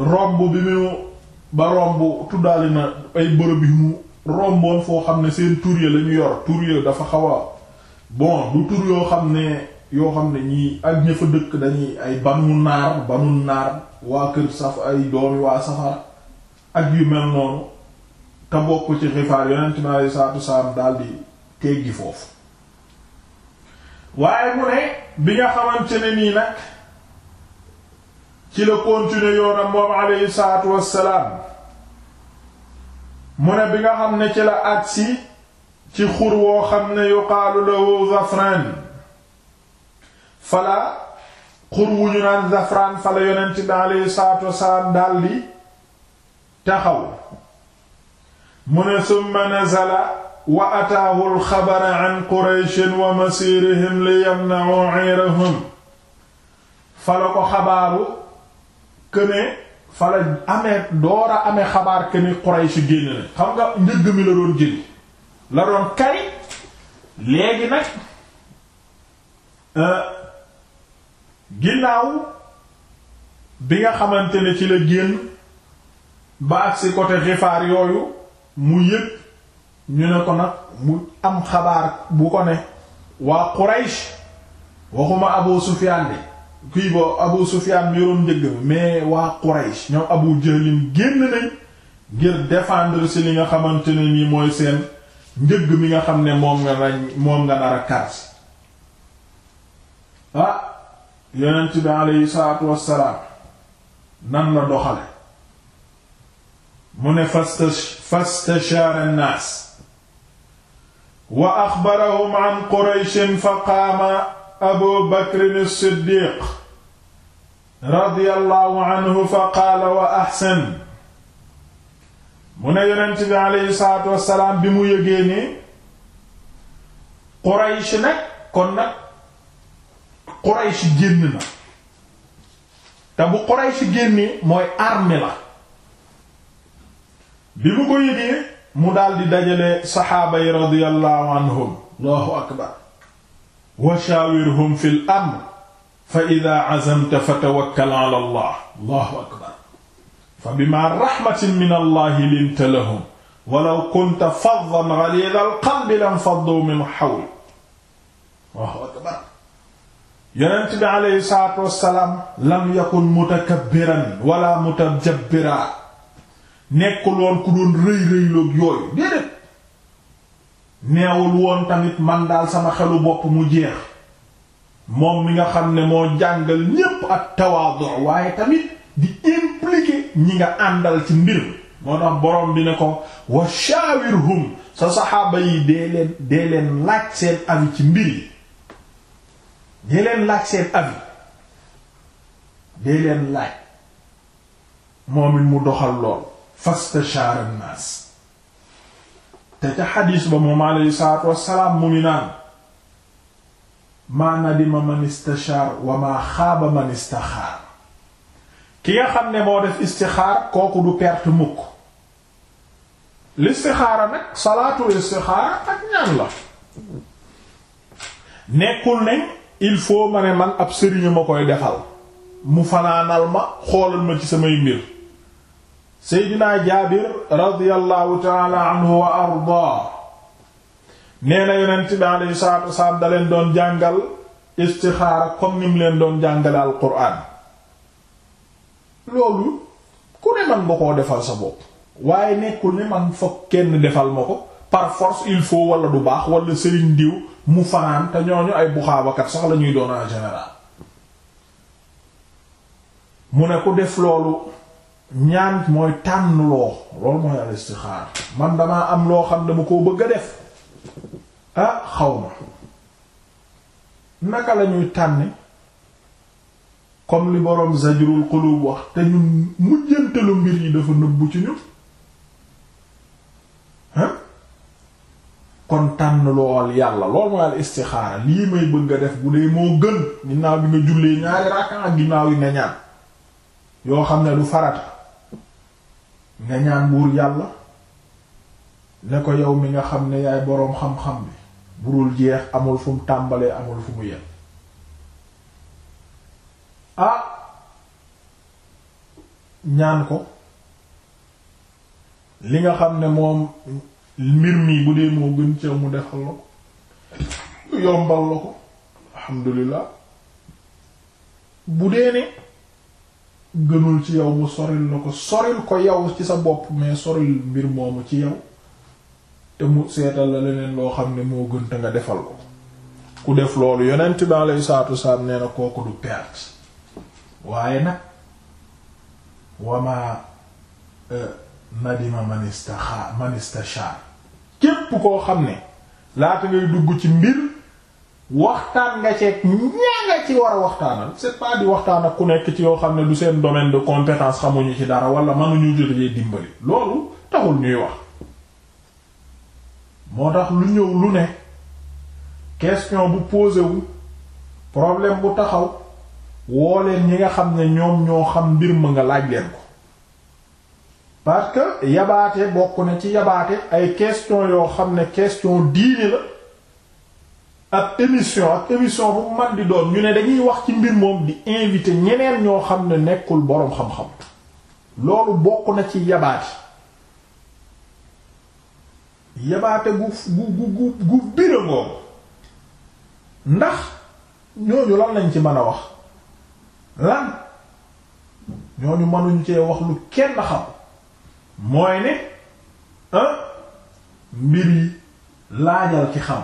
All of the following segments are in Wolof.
romb bi mu ba romb tuddaali na ay bërëb yu mu romboon foo xam ne seen tur ya la ñu yor tur ya dafa xaw a bon du tur yoo xam ne yoo xam ne ñii ak ña dëkk dañuy ay banu naar banu naar waa kër saf ay doomi waa safara ak yu mel noonu te bokk ci xifaar yonent mi alei salatu salaam daal di teggi foofu waaye mu ne bi nga xamante ne nii nag ci la continuer yoonam moom mu ne bi nga xam ne ci la agsi ci xur woo xam ne yuqaalu lahu zafran fala xur wu ñu naan zafran fala yonent bi mu ne summa nazala wa ataahu alxabara an qurayshin wa masiirihim li yamna'u 'ayrahum fala ko xabaaru këne fa la amee door a amee xabaar këne Quraysh génn la xam nga njëgg mi la doon jëli la doon kari léegi nag euh, ginnaaw bi nga xamante ne ci la génn ba agsi côté Gifaar yooyu mu yëg ñu ne ko nag mu am xabaar bu ko ne waa Quraysh waxuma Abu Sufyaan bi kii bo Abu Sufyan yoroon njëgg mais waa Quraysh ñoom Abu Jahlin génn nañ ngir défendre ci li nga xamante ne nii mooy seen njëgg mi nga xam ne moom nga rañ moom nga nar a ah yonent bi aleyhi salaatu wassalaam nan la doxale mu ne fastashaara an-naas wa axbarahum an Quraysh fa qaama abu bakrin siddiq radiyallahu anhu fa qaala wa ahsan mu ne yonent bi aleyhi salaatu wassalaam bi mu yëgee ne quraysh nag kon nag quraysh génn na te bu quraysh génnee mooy armée bi mu ko yëgee mu daldi dajale saxaaba yi anhum allahu akbar wa shaawirhum fil amr fa idaa azamta fatawakkal ala allah allahu akbar fa bimaa raxmatin min allahi linta lahum walaw kunta faddan ghaliizal qalbi lanfadduu min hawlik allahu akbar yonent bi aleyhi salaatu wassalaam lam yakun mutakabbiran wala mutajabbiran nekkul woon ku doon rëy rëy loog yooyu déedéet neewul woon tamit man daal sama xelu bopp mu jeex moom mi nga xam ne moo jàngal ñépp ak tawaadu waaye tamit di impliqué ñi nga àndal ci mbir moo tax borom bi ne ko wa shawirhum sa saxaaba yi dee leen laaj seen avis ci mbir yi dee leen laaj seen avis dee leen laaj moom it mu doxal lool fastashaara naas te ca xadiis ba moom alayhi salaatu wassalaam mu ngi naan maa nadima man istixaar wa maa xaaba man istixaar ki nga xam ne moo def istixaar kooku du perte mukk l'istixaara nag salaatul istixaara ak ñaan la nekkul ne il faut ma ne man ab sëriñu ma koy defal mu fanaanal ma xoolal ma ci samay mbir seydinaa jaabir radiyallahu taala anhu wa ardaa nee na yonent bi alayhi salaatu wasalaam da doon jàngal istixaara comme nim leen doon jàngale al quraan loolu ku ne man nga koo defal sa bopp waaye nekkul ne man fokk kenn defal ma ko par il faut wala du baax wala sëriñ diw mu fanaan te ñooñu ay buxaabakat sax la ñuy doon en mu ne ku def loolu ñaan mooy tànn loo loolu mooy al man damaa am loo xam dama koo bëgg a def ah xaw ma naka la ñuy tànne comme li boroom zajrul qulub wax te ñun mujjantalu mbir yi dafa nëbbu ci ñun ah kon tànn lool yàlla lool mooy al istixaara lii may bëgg a def bu dee moo gën ginnaaw bi nga jullee ñaari rakka ginnaaw yi nga ñaan yoo xam ne du farata nga ñaan buur yàlla ne ko yow mi nga xam ne yaay boroom xam-xam bi burul jeex amul fu mu tàmbalee amul fu mu ah ñaan ko li nga xam ne moom mbir mi bu dee moo gën ci mu defal la ko yombal la ko alhamdulillah bu dee ne gënul ci yow mu soril la ko soril ko yow ci sa bopp mais soril mbir moomu ci yow te mu seetal la leneen loo xam ne moo gën te nga defal ko ku def loolu yonent bi alayhi salaatu wasalaam nee na kooku du perte waaye nag wama e, nadima man istaxa man istashar képp koo xam ne laata ngay dugg ci mbir waxtaan nga ceeg ñaa nga ci war a waxtaanal c'est pas di waxtaan ak ku nekk ci yoo xam ne du seen domaine de compétence xamuñu ci dara wala mënuñu jotee dimbali loolu taxul ñuy wax moo tax lu ñëw lu ne question bu posé wu problème bu taxaw woo leen ñi nga xam ne ñoom ñoo xam mbir ma nga laaj leen ko parce que yabaate bokk na ci yabaate ay question yoo xam ne question diine la ab émission ak émission bu man di doon ñu ne dañuy wax ci mbir moom di invité ñeneen ñoo xam ne nekkul boroom xam-xam loolu bokk na ci yabaate yabaate gu gu gu gu birangoo ndax ñooñu lan lañ ci mën a wax lan ñooñu mënuñ cee wax lu kenn xam mooy ne ah, mbir yi laajal ci xam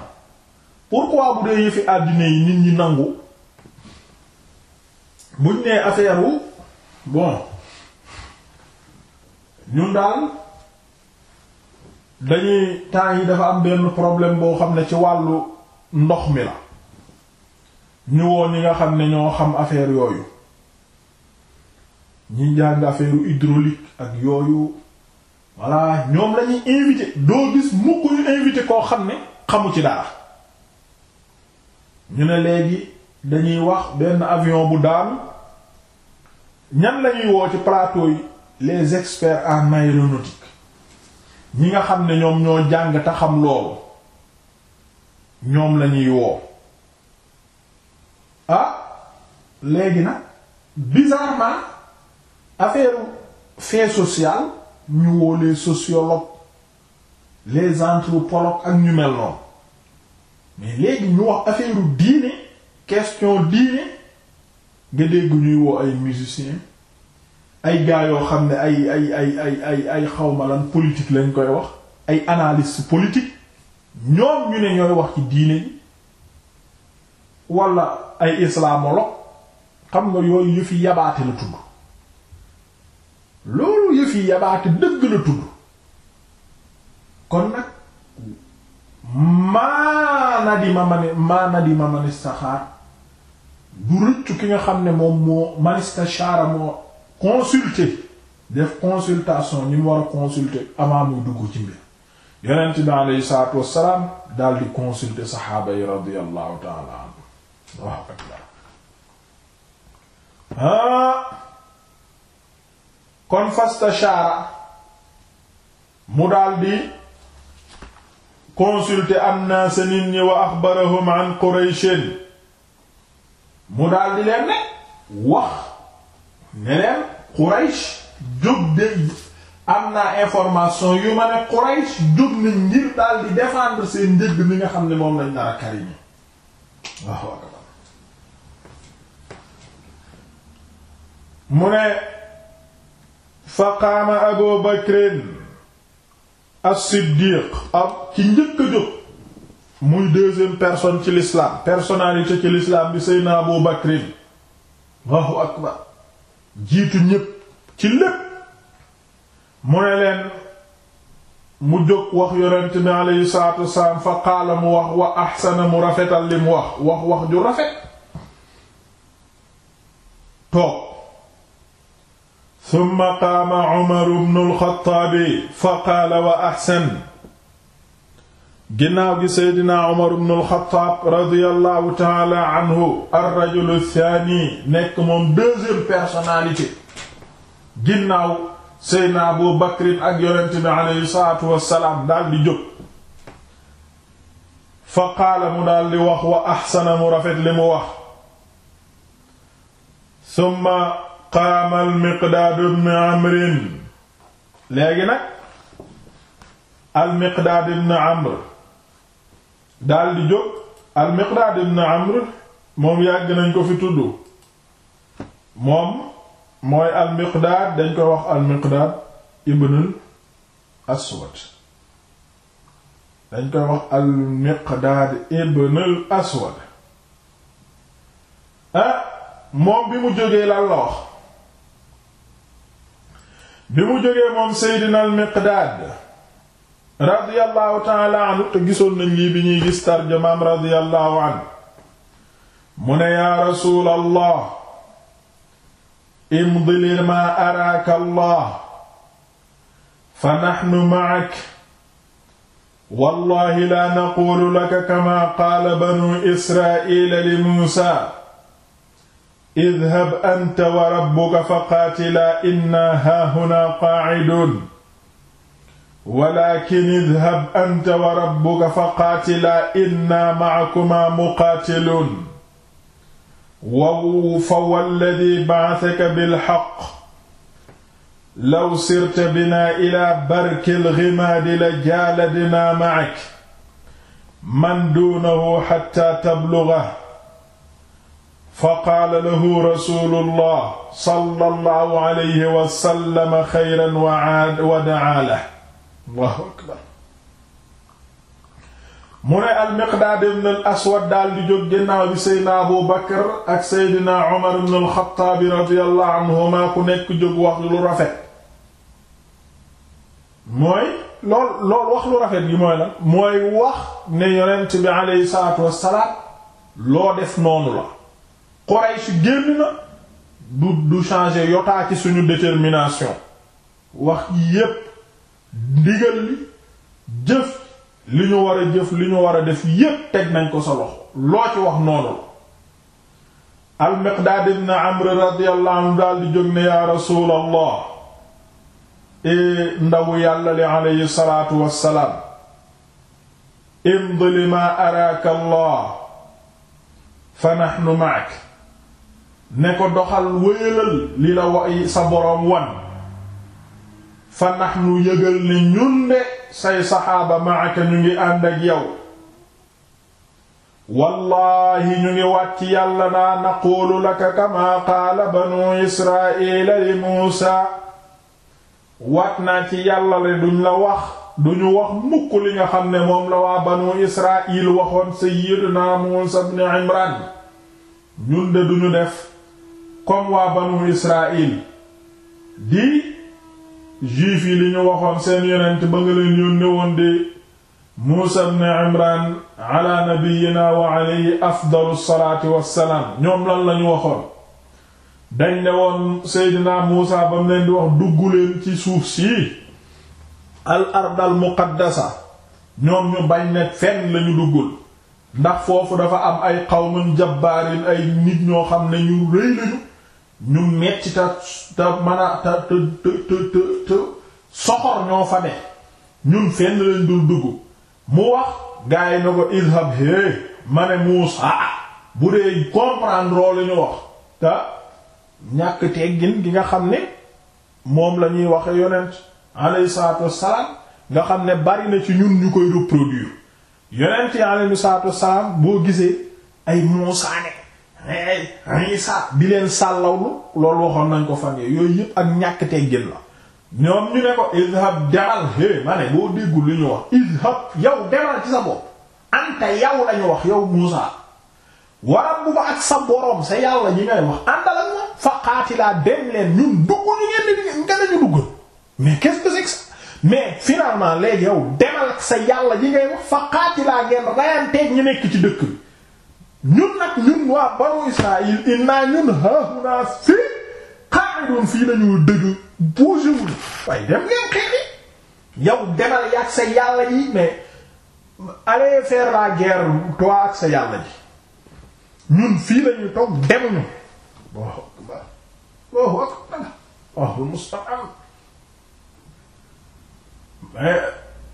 pourquoi bu dee yëfi àddina yi nit ñi nangu buñ nee affaire bon ñun daal dañuy temps yi dafa am benn problème boo xam ne ci wàllu ndox mi la ñu woo ñi nga xam ne ñoo xam affaire yooyu ñi jàng affaire hydraulique ak yooyu voilà ñoom lañuy invité doo gis mukk ñu invité koo xam ne xamu ci dara ñu ne léegi dañuy wax benn avion bu daanu ñan lañuy woo ci plateau yi les experts en aéronautique ñi nga xam ne ñoom ñoo jàng te xam loolu ñoom lañuy woo ah léegi na bizarrement affaire fait social ñu woo les sociologues les anthropologues ak ñu mel noonu mais léegi ñu wax affaire diine question diine nga dégg ñuy woo ay musiciens ay gars yoo xam ne ay ay ay ay ay ay xawma lan politique lañ koy wax ay analyste politique ñoom ñu ne ñooy wax ci diine ji wala ay islamologue xam nga yooyu yëfi yabaate la tudd loolu yëfi yabaate dëgg la tudd kon nag maana di ma mani maana di ma manistaxaar du rëccu ki nga xam ne moom moo manistaxaara moo consulter def consultation ñu mu war a consulter avant muy dugg ci mbir yonent bi aleyhi salaatu wassalaam di consulter saxaaba yi radiyallahu taala anhu waaw akbar ah. mu daal di consulter annaas nit ñi wa axbarahum an qurayshin mu daal di leen ne wax ne leen quraysh jóg de am naa information yu ma ne quraysh jóg na ngir daal di défendre seen njëg mi nga xam ne moom lañ nar a karimi mu ne fa qaama abu bakrin as-Siddiq ak ci njëkk jóg muy deuxième personne ci l'islam personnalité ci l'islam bi Seydina Abu Bakr Allahu akbar jiitu ñépp ci lépp mu leen mu jóg wax yonent bi aleyhi salaatu wasalaam fa qaala mu wax wa mu rafetal li wax wax wax ju rafet toog summa qaama umaru bnu alxataabi fa qaala wa axsan ginnaaw gi seydinaa umaru bnu alxataab radiallahu taala anhu arrajulu thaani nekk moom deuxième personnalité ginnaaw seydinaa abu bakrin ak yonent bi aleyhi salaatu wassalaam daal di jóg fa qaala mu daal di wax wa axsana mu rafet li mu wax summa qaama al ibn Amr léegi nag al-Miqdaad ibn Amr daldi jóg al ibn Amr moom yàgg nañ ko fi tudd moom mooy al dañ koy wax al-Miqdaad Aswad ah, moom bi mu jógee lan la wax bi mu jógee moom Seydina al-Miqdaad radiyallahu ta'ala anhu te gisoon nañ lii bi ñuy gis tarjamaam radiyallahu anhu mu ne yaa rasuulallah imdi limaa araaka Allah fa naxnu ma'ak wallahi laa naquulu laka kamaa qaala banu Israa'iila li Muusaa idhab anta wa rabbuka faqaatilaa innaa haahunaa qaaciduun walaakin idhab anta wa rabbuka faqaatilaa innaa macakumaa muqaatiluun wa fawalladii bacasaka bilxaq law sirta binaa ilaa barkil ghimaadi la jaaladnaa macak man duunahu xattaa tablugahu fa qaala lahu rasulullah sallallahu alayhi wa sallam xayran wa da'aa lahu allahu akbar mu ne almiqdaad ibn al aswad daal di jóg ginnaaw bi seydna abu bakar ak seydna umar ibn alxataabi radiyallahu anhuma ku nekk jóg wax lu rafet mooy lool lool wax lu rafet gi mooy la mooy wax ne yonent bi aleyhi salaatu wassalaam loo def noonu la Quraysh génn na du du changer yotaa suñu détermination wax yépp ndigal li jëf li ñu war jëf li ñu war a def yépp teg nañ ko sa loxo loo ci wax noonu la Amr radiyallahu daal di jóg ne yaa rasuulallah e ndawu yàlla li alayhi salaatu wassalaam imdi limaa araaka Allah fa nahnu ma'ak ne ko doxal wéyalal li la wa sa boroom wan fa nahnu yëgal ne ñun de say saxaaba maaka ñu ngi ànd ak yow wallaahi ñu ngi wàcc yàlla naa naquulu laka kamaa qaala banu israila li muusa naa ci yàlla le duñ la wax duñu wax mukk li nga xam ne moom la waa banu israil waxoon sayyidina muusa ibn imran ñun de duñu def comme waa banu Israël di juif yi li ñu waxoon seen yonent ba nga leen yónne woon de Muusa ibn Imran ala nabiyyina wa afdalu salaati wassalaam ñoom lan lañu waxoon dañ ne woon Seydina Muusa ba mu leen di wax dugg leen ci suuf si al ardal muqaddasa ñoom ñu bañ ne fenn lañu duggul ndax foofu dafa am ay qawmun jabbaarin ay nit ñoo xam ne ñu rëy lañu ñu metti ta ta mën a ta te te te te soxor ñoo fa ne ñun fenn lañ dul dugg mu wax gaay na ko izhab hé ma ne Muusa bu dee comprendre loolu ñu wax te ñàkk teggin gi nga xam ne moom la ñuy waxe yonent alayhi salaatu wassalaam nga xam ne bari na ci ñun ñu koy reproduire yonent yi alayhi salaatu wassalaam boo gisee ay Muusa hey Isa bi leen sàllawlu loolu waxoon nañ ko fan yooyu yëpp ak ñàkk teggin la ñoom ñu ne ko idhab demal hé ma ne boo déggul li ñu wax idhab yow demal ci sa bopp anta yow lañu wax yow Muusa waram bu ba ak sa boroom sa yàlla ñi ngay wax àndal ak moom fa qaatilaa dem leen ñun dugg ñu ngeen nga lañu dugg mais qu'est-ce que c'est que ça yow demal ak sa yàlla ñi ngay wax fa qaatilaa ngeen rayanteeg ñu nekk ci dëkk bi ñun nag ñun waa banu Israël inna ñun haahuna fii qa'idun fii nañu dëgg bougéwul waaye dem ngeen xeexi yàlla yi mais allez faire la ak sa yàlla ji ñun fii lañuy toog dem Allahu akbar Allahu akbar Allahul musta'an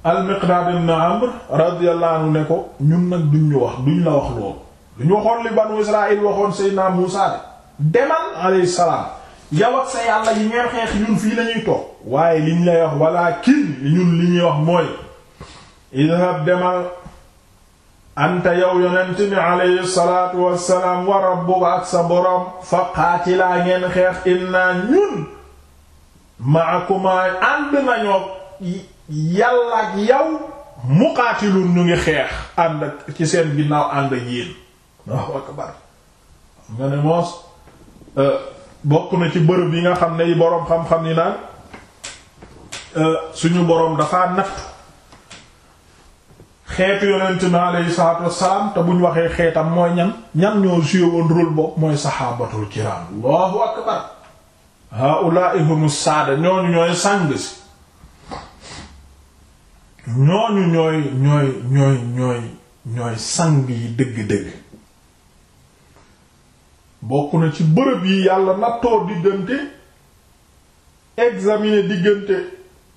al Miqdaad ibn Amr radiyallahu anhu ne ko ñun nag duñ wax duñ la wax loolu lu ñu waxoon li banu Israël waxoon Seydina Muusaa de demal alayhi salaam yow ak sa yàlla yi ngeen xeex ñun fii lañuy toog waaye liñ lay wax walaakin ñun li ñuy wax mooy idhab demal anta yow yonent bi alayhi salaatu wassalaam wa rabbuka ak sa boroom fa qaatilaa ngeen xeex inna ñun maakuma ànd nañoo yàlla ak yow muqaatilun ñu ngi xeex ànd ci seen ginnaaw ànd ak yéen waaw akbar nga ne moos euh, bokk na ci bërëb yi nga xam ne yi boroom xam-xam yi naan euh, suñu boroom dafa nattu xeetu yonent mi alayhi salaatu wassalaam te buñ waxee xeetam mooy ñan ñan ñoo joué woon rôle boobu mooy saxaabatul kiraam allahu akbar haa'ulaa'i saada ñooñu ñooy sàng si ñooñu ñooy ñooy ñooy yi dëgg-dëgg bokk na ci bërëb yi yàlla nattoo diggante examiner diggante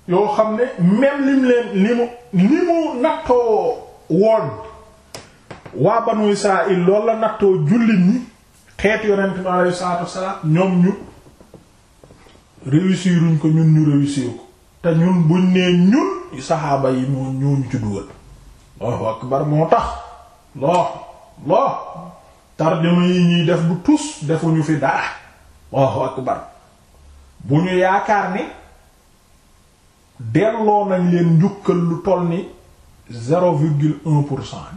yoo xam ne mel ni leen li mu li mu nattoo woon waa banu Israël loolu la nattoo jullit ñi xeet yonent bi alayhi salaatu wassalaam ñoom ñu réussiruñ ko ñun ñu réussir ko te ñun buñ nee ñun saxaaba yi moo ñooñu ci dugal Allahu akbar moo tax Allah Allah tarjuma yi ñuy def bu tus defuñu fi dara Allahu akbar bu ñu yaakaar ni delloo nañ leen njukkal lu toll ni zéro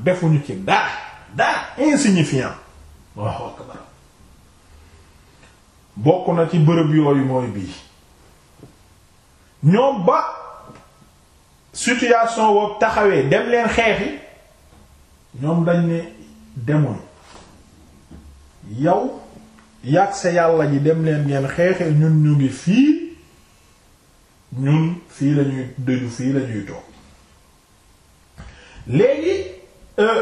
defuñu ci dara dara insignifiant Allahu akbar bokk na ci bërëb yooyu mooy bii ñoom ba situation woowu taxawee dem leen xeexi ñoom dañ ne demoon yaw yàgg sa yàlla ji dem leen ngeen xeexee ñun ñu ngi fii ñun fii lañuy dëju fii lañuy toog léegi euh,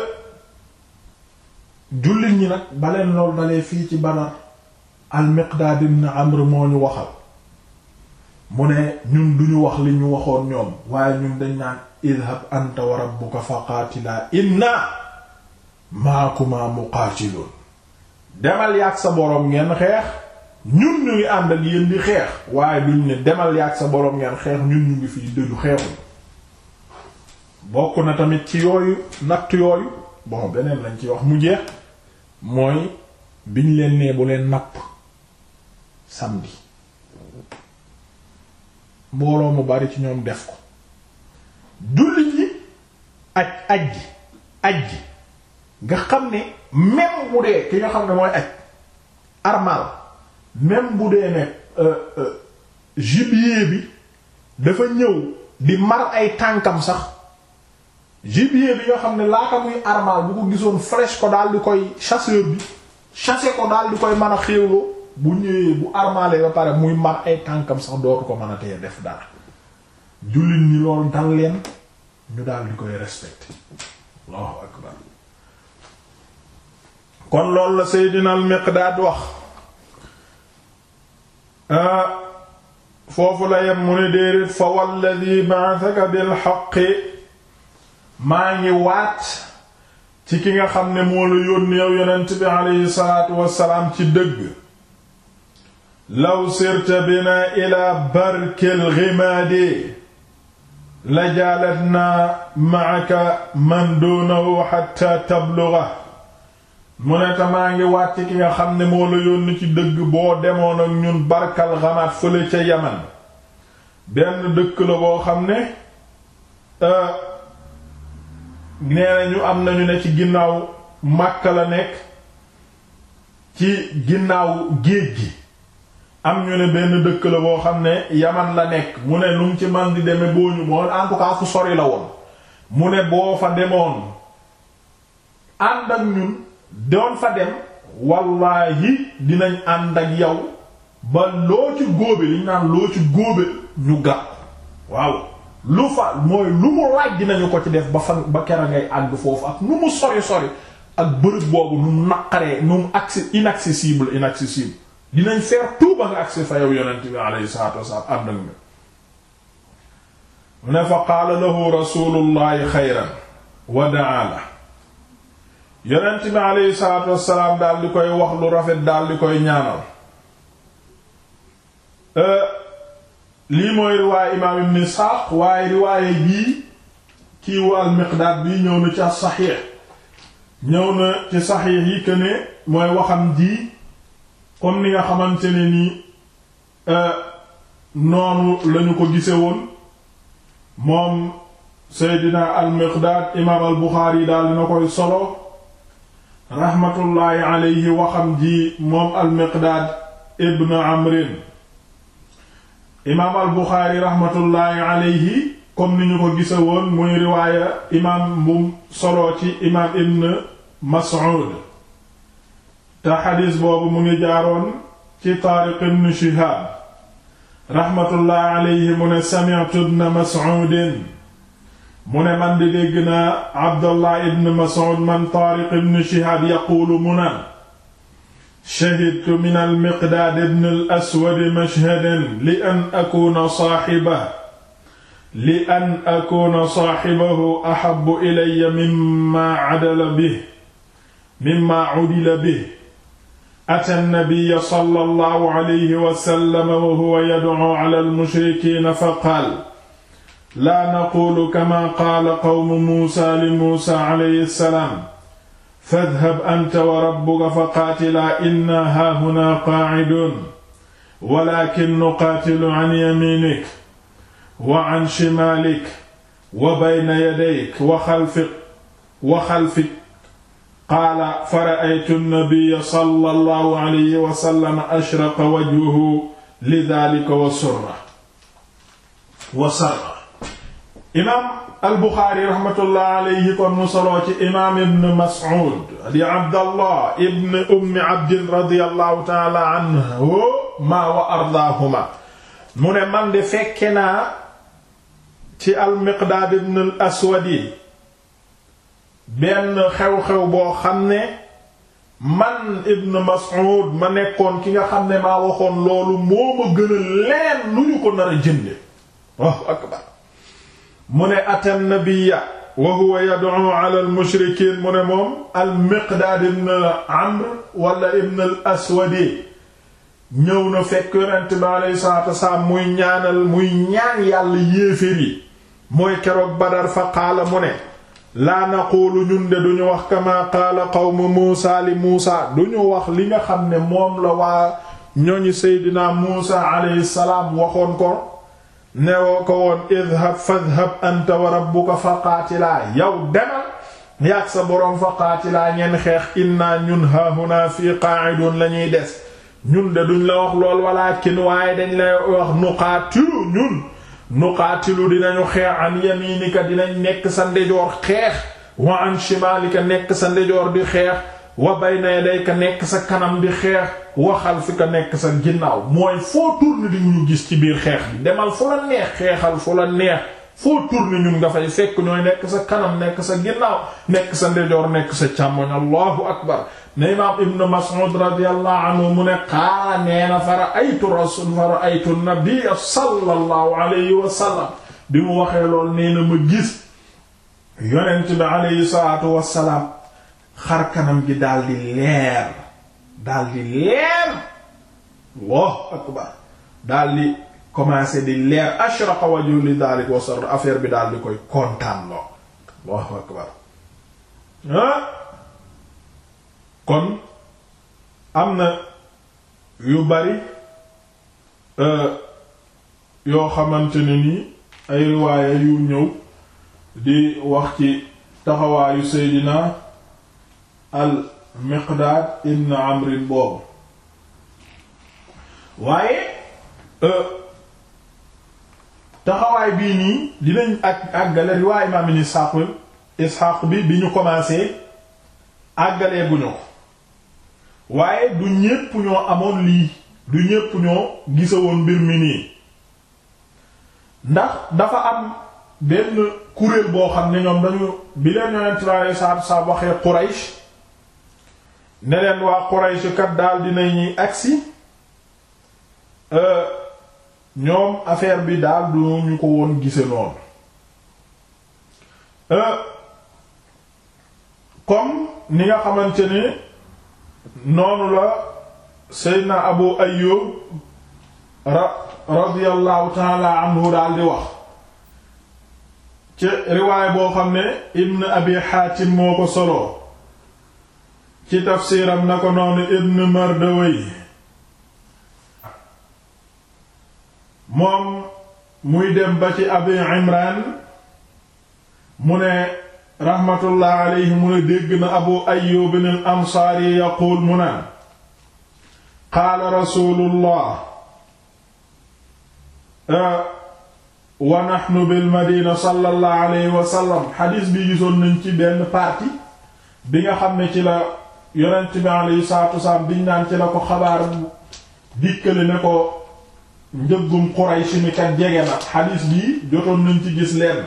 jullit ñi nag baleen lool dalee fii ci Badar al-Miqdaad Amr moo ñu waxal mu ne ñun duñu wax li ñu waxoon ñoom waaye ñun dañ naa idhab anta wa rabbuka inna maakuma muqaatilun demal yàgg sa boroom ngeen xeex ñun ñu ngi ànd ak yéen di xeex waaye duñ ne demal yàgg sa boroom ngeen xeex ñun ñu ngi fi dëju xeexuñ bokk na tamit ci yooyu natt yooyu bon beneen lañ ci wax mu jeex mooy biñ leen nee bu leen napp samedi mbooloo mu bari ci ñoom def ko jullit yi aj aj ji nga xam ne même bu dee ki nga xam ne mooy aj armal même bu dee ne euh, euh, gibier bi dafa ñëw di mar ay tànkam sax gibier bi nga xam ne laata muy armal bu ko gisoon flèche ko daal di koy chasseur bi chasser ko daal di koy man a xéewloo bu ñëwee bu armale ba pare muy mar ay tànkam sax dootu ko mën a teye def dara jullit ñi loolu dal leen ñu daal di koy respecté Allahu akbar kon loolu la Seydina al-Miqdaad wax ah, foofu la yem mu ne déedéet fa walladi ba'athaka bil haqqi maa ngi waat ci ki nga xam ne moo la yónni yow yonent bi aleyhi salaatu wassalaam ci dëgg law sirta bina ila barkil ghimaadi la jaalatnaa ma'aka man duunahu hatta tablugha mu ne tamaa ngi wàcc ki nga xam ne moo la yónni ci dëgg boo demoon ak ñun barkal xamaat fële ca yaman benn dëkk la boo xam ne euh, nee nañu am nañu ne ci ginnaaw Makka la nekk ci ginnaaw géej gi am ñu ne benn dëkk la boo xam ne yaman la nekk mu ne lu ci man di deme boo ñu moon en tout cas sori la woon mu ne boo fa demoon ànd ak ñun doon fa dem wallaahi dinañ ànd ak yow ba loo ci góobe li ñu loo ci góobe ñu gàpp waaw lu fa mooy lu mu laaj dinañu ko ci def ba fan ba kera ngay àgg foofu ak nu mu sori sori ak bërëb boobu nu mu naqaree nu mu accès inaccessible inaccessible dinañ faire tout ba nga accès fa yow yonent bi alayhi salaatu wasalaam ànd ak ne fa qaala lahu rasulullahi xayran wa da'a yonent bi aleyhi salaatu wassalaam daal di koy wax lu rafet daal di koy ñaanal euh, lii mooy riwaaye imaam ibn Isxaaq waaye riwaaye bii kiiwu al-Miqdaad bii ñëw na ci as-Saxiix ñëw na ci Saxiix yi que ne mooy waxam ji comme ni nga xamante ni nii euh, noonu lañu ko gise woon moom Seydina al-Miqdaad imaam al-Buxaari daal dina koy solo raxmatullaahi alayhi waxam ji moom almiqdaad ibn amrin imaam al buxaari raxmatullaahi alayhi comme ni ñu ko gisa woon muy riwaaya imaam bu solo ci imaam ibn mas'ud te xadiis boobu mu ngi jaaroon ci taariq ibn shihaab raxmatullaahi alayhi mu ne sami'tu ibn mas'udin mu ne man di dégg naa Abdallah ibn Mas'ud man Taariq ibn Shihab yaquulu mu naan shahidtu min al-Miqdaad ibn al-Aswad mashhadan li an akuuna saaxibahu li an akuuna saaxibahu ahabbu ilayya mimmaa adala bihi mimmaa udila bihi ataa an-nabiyya sallallahu alayhi wa sallam wa huwa yad'uu ala al-mushrikiina fa qaala laa naqulu kama qaala qawmu muusa li muusa alayhi salaam fadhab anta wa rabbuka fa qaatilaa inna haahunaa qaaciduun walaakin nuqaatilu can yamiinik wa can shimaalik wa bayna yadayk wa xalfik wa xalfik qaala fara'aytu nabiyya sallallahu alayhi wa sallam ashraqa wajhuhu lidaalika wa surra wa sarra imaam al-Buxaari rahmatullah alayhi kon ci imaam ibn Mas'ud di Abdallah ibn Ummi Abdin radiyallahu taala anhumaa wa ardaahuma mu ne man de fekke naa ci al-Miqdaad ibn al-Aswadi benn xew-xew boo xam ne man ibn Mas'ud ma nekkoon ki nga xam ne maa waxoon loolu moo ma gën a leen lu ñu ko nar a waaw akbar mu ne ata nabiyya wa huwa yad'u ala al mushrikiin mu ne moom al amr wala ibn al ñëw na fekk yonent bi alayhi salaatu wasalaam muy ñaanal muy ñaan yàlla yéeféer yi mooy keroog badar fa qaala mu ne laa naquulu ñun de duñu wax kama qaala qawmu muusa li muusa duñu wax li nga xam ne moom la waa ñoñi seydina muusa alayhi salaam waxoon ko newoo ko woon idhab fadhab anta wa fa qaatilaa yow demal yaag sa boroom fa qaatilaa ngeen xeex inna ñun haahuna fii qaa'idun la ñuy des ñun de duñ la wax lool walaakin waaye dañ lay wax nuqaatilu ñun nuqaatilu dinañu xeex an yaminika dinañ nekk sa ndejoor xeex wa an shimaalika nekk sa ndejoor di xeex wa bayna yadayka nekk sa kanam di xeex waxal fi ka nekk sa ginnaaw mooy foo tourne di ñu gis ci biir xeex bi demal fu la neex xeexal fu la neex foo tourne ñun nga fay fekk ñooy nekk sa kanam nekk sa ginnaaw nekk sa ndejoor nekk sa càmmoñ allahu akbar ne imaam ibn mas'ud radiyallahu anhu mu ne qaala neena fa ra'aytu rasul fa ra'aytu nabiyya sallallahu alayhi wa sallam bi mu waxee lool nee na ma gis yonent bi alayhi xar kanam gi daldi leer daldi leer Allahu akbar daldi commencé di leer ashraqa wajhu li dalik wasar affaire bi daldi koy kontaan loo akbar ah. kon am na yu bari euh, yoo xamante ne ay riwaaya yu ñëw di wax ci taxawaayu Seydina al miqdaad ibn amrin boobu waaye euh, taxawaay bii nii dinañ ak àggale riwaay imaam ibn Isxaaq bi bi ñu commencé àggalee guñu ko waaye du ñépp ñoo amoon lii du ñépp ñoo gisawoon mbir mi nii ndax dafa am benn kuréel boo xam ne ñoom dañu bi leen yonent bi alayhi waxee Quraysh ne leen waa Quraysh kat daal dinañ ñuy agsi euh, ñoom affaire bi daal du ñu ko woon gise noonu euh, comme ni nga xamante ni noonu la Seydina Abu Ayyub ra radiyallahu taala anhu daal di wax ci riwaay boo xam ne Ibn Abi Hatim moo ko solo ci tafsiram na ko noonu ibn Mardawayh moom muy dem ba ci Abi Imran mu ne raxmatullah mu ne dégg na Abu Ayyub al-Ansaari yaquul mu naan qaala rasuulullah wa naxnu bil madina sallallahu wa sallam xadiis bi gisoon nañ ci benn partie bi nga xam ne ci la yonent bi alayhi salaatu wasalaam biñ naan ci la ko xabaar dikkale ne ko njëggum Quraysh mi kat jege na xadiis bii jotoon nañ ci gis lenn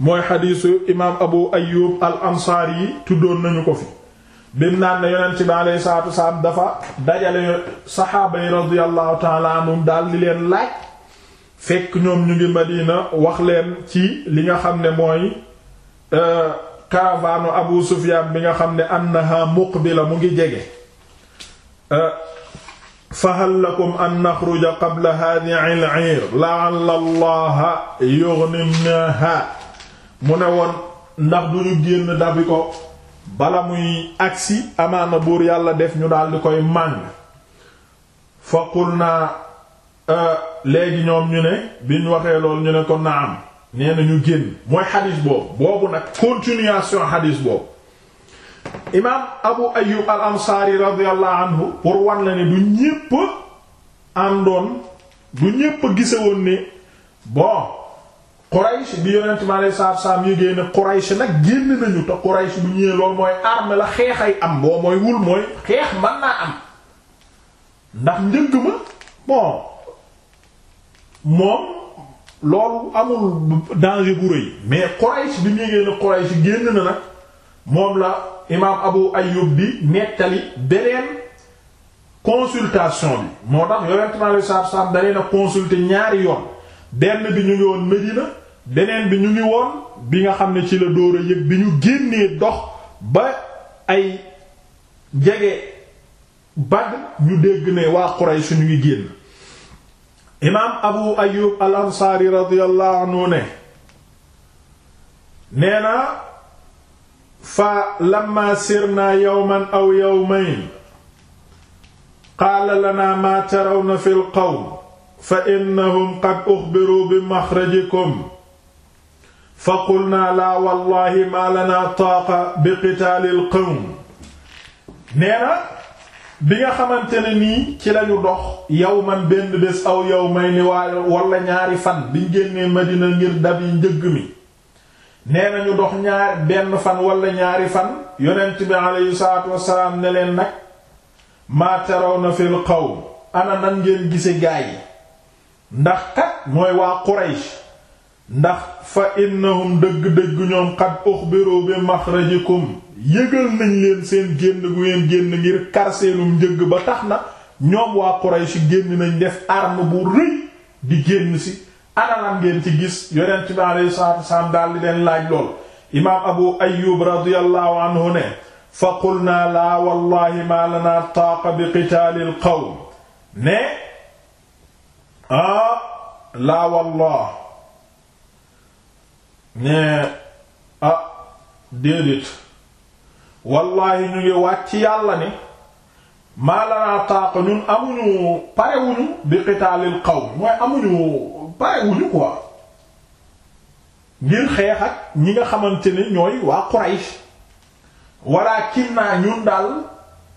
mooy xadiisu imaam Abu Ayyub al Ansaari yi tuddoon nañu ko fi bim naan ne yonent bi alayhi salaatu wasalaam dafa dajale saxaaba yi radiyallahu ta'ala anhum daal di leen laaj fekk ñoom ñu ngi Madina wax leen ci li nga xam ne mooy euh, caravane Abu Sufyan bi nga xam ne annaha muqbila mu ngi jege euh, fahal lakum an naxruja qabla hadhihi al-'ir la'alla mu ne woon ndax duñu génn dabi ko bala muy agsi amaana buur yàlla def ñu daal di koy màng fa naa euh, léegi ñoom ñu ne biñ waxee lool ñu ne ko naam nee na ñu génn mooy xadis boobu boobu nag continuation xadis boobu imaam abu ayub al ansaari radiyallahu pour wan la ne du ñépp àndoon du ñépp gise ne bon Quraysh bi yonent mi alei salaatu salaam yégée ne nag génn nañu te Quraysh bu ñëwee lool mooy arme la xeex ay am boo mooy wul mooy xeex mën naa am ndax njëgg ma bon moom loolu amul danger bu rëy mais Quraysh bi mu yégee na Quraysh génn na nag moom la imaam Abu Ayyub bi nettali beneen consultation bi moo tax yonent na alei satu salaam ñaari yoon benn bi ñu ngi woon Medina beneen bi ñu ngi woon bi nga xam ne ci la dóor a yëg bi ñu génnee dox ba ay jege Badr ñu dégg ne waa Quraysh ñu ngi génn imaam abu ayub al ansaari radiyallahu anhu ne nee na fa lamma sirna yawman aw yawmayn qaala lana maa tarawna fi lqawm fa innahum qad uxbiruu bi maxrajikum fa qulnaa laa wallahi maa lanaa taaqa bi qitaali lqawm nee na bi nga xamante ne nii ci lañu dox yow man benn bés aw yow may ni waaye walla ñaari fan biñ génnee Madina ngir dab yi njëgg mi nee nañu dox ñaar benn fan walla ñaari fan yonent bi aleyhi salaatu wassalaam ne leen nag maa tarawna fil qawm ana nan ngeen gise gaay yi ndax kat mooy waa Quraysh ndax fa innahum dëgg-dëgg ñoom qad ukhbiru bi makhrajikum yëgal nañ leen seen génn gu ngeen génn ngir kar seenum ba tax na ñoom waa Quraysh génn nañ def arme bu rëy di génn ci analam ngeen ci gis yonent bi daal di leen laaj lool imaam Abu Ayyub radiyallahu anhu ne fa qulnaa laa wallahi maa lanaa taaqa bi qitaalil qawm ne ah laa wallah ne ah déedéet wallahi ñu ngi wàcc yàlla ne maa lanaa taaqa ñun amuñu parewuñu bi qitaalil qawm mooy amuñu parewuñu quoi ngir xeex ak ñi nga xamante ne ñooy waa Quraysh walaakinnaa ñun daal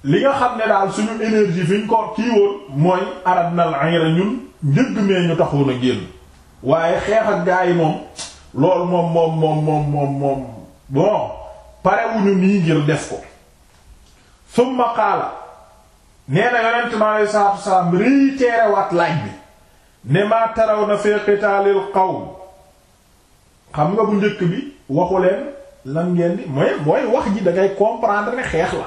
li nga xam ne daal suñu énergie fi ko kii woon mooy arab nal ayra ñun njëgg mee ñu taxoon a génn waaye xeex ak gaa yi moom loolu moom moom moom moom moom moom parewuñu nii ngir def ko summa qaala nee na yonent mi aleyhi salaatu wa salaam riiteerewaat laaj bi ne maa taraw na fi qitaalil qawm xam nga bu njëkk bi waxu leen lan ngeen di mooy mooy wax ji dangay ngay comprendre ne xeex la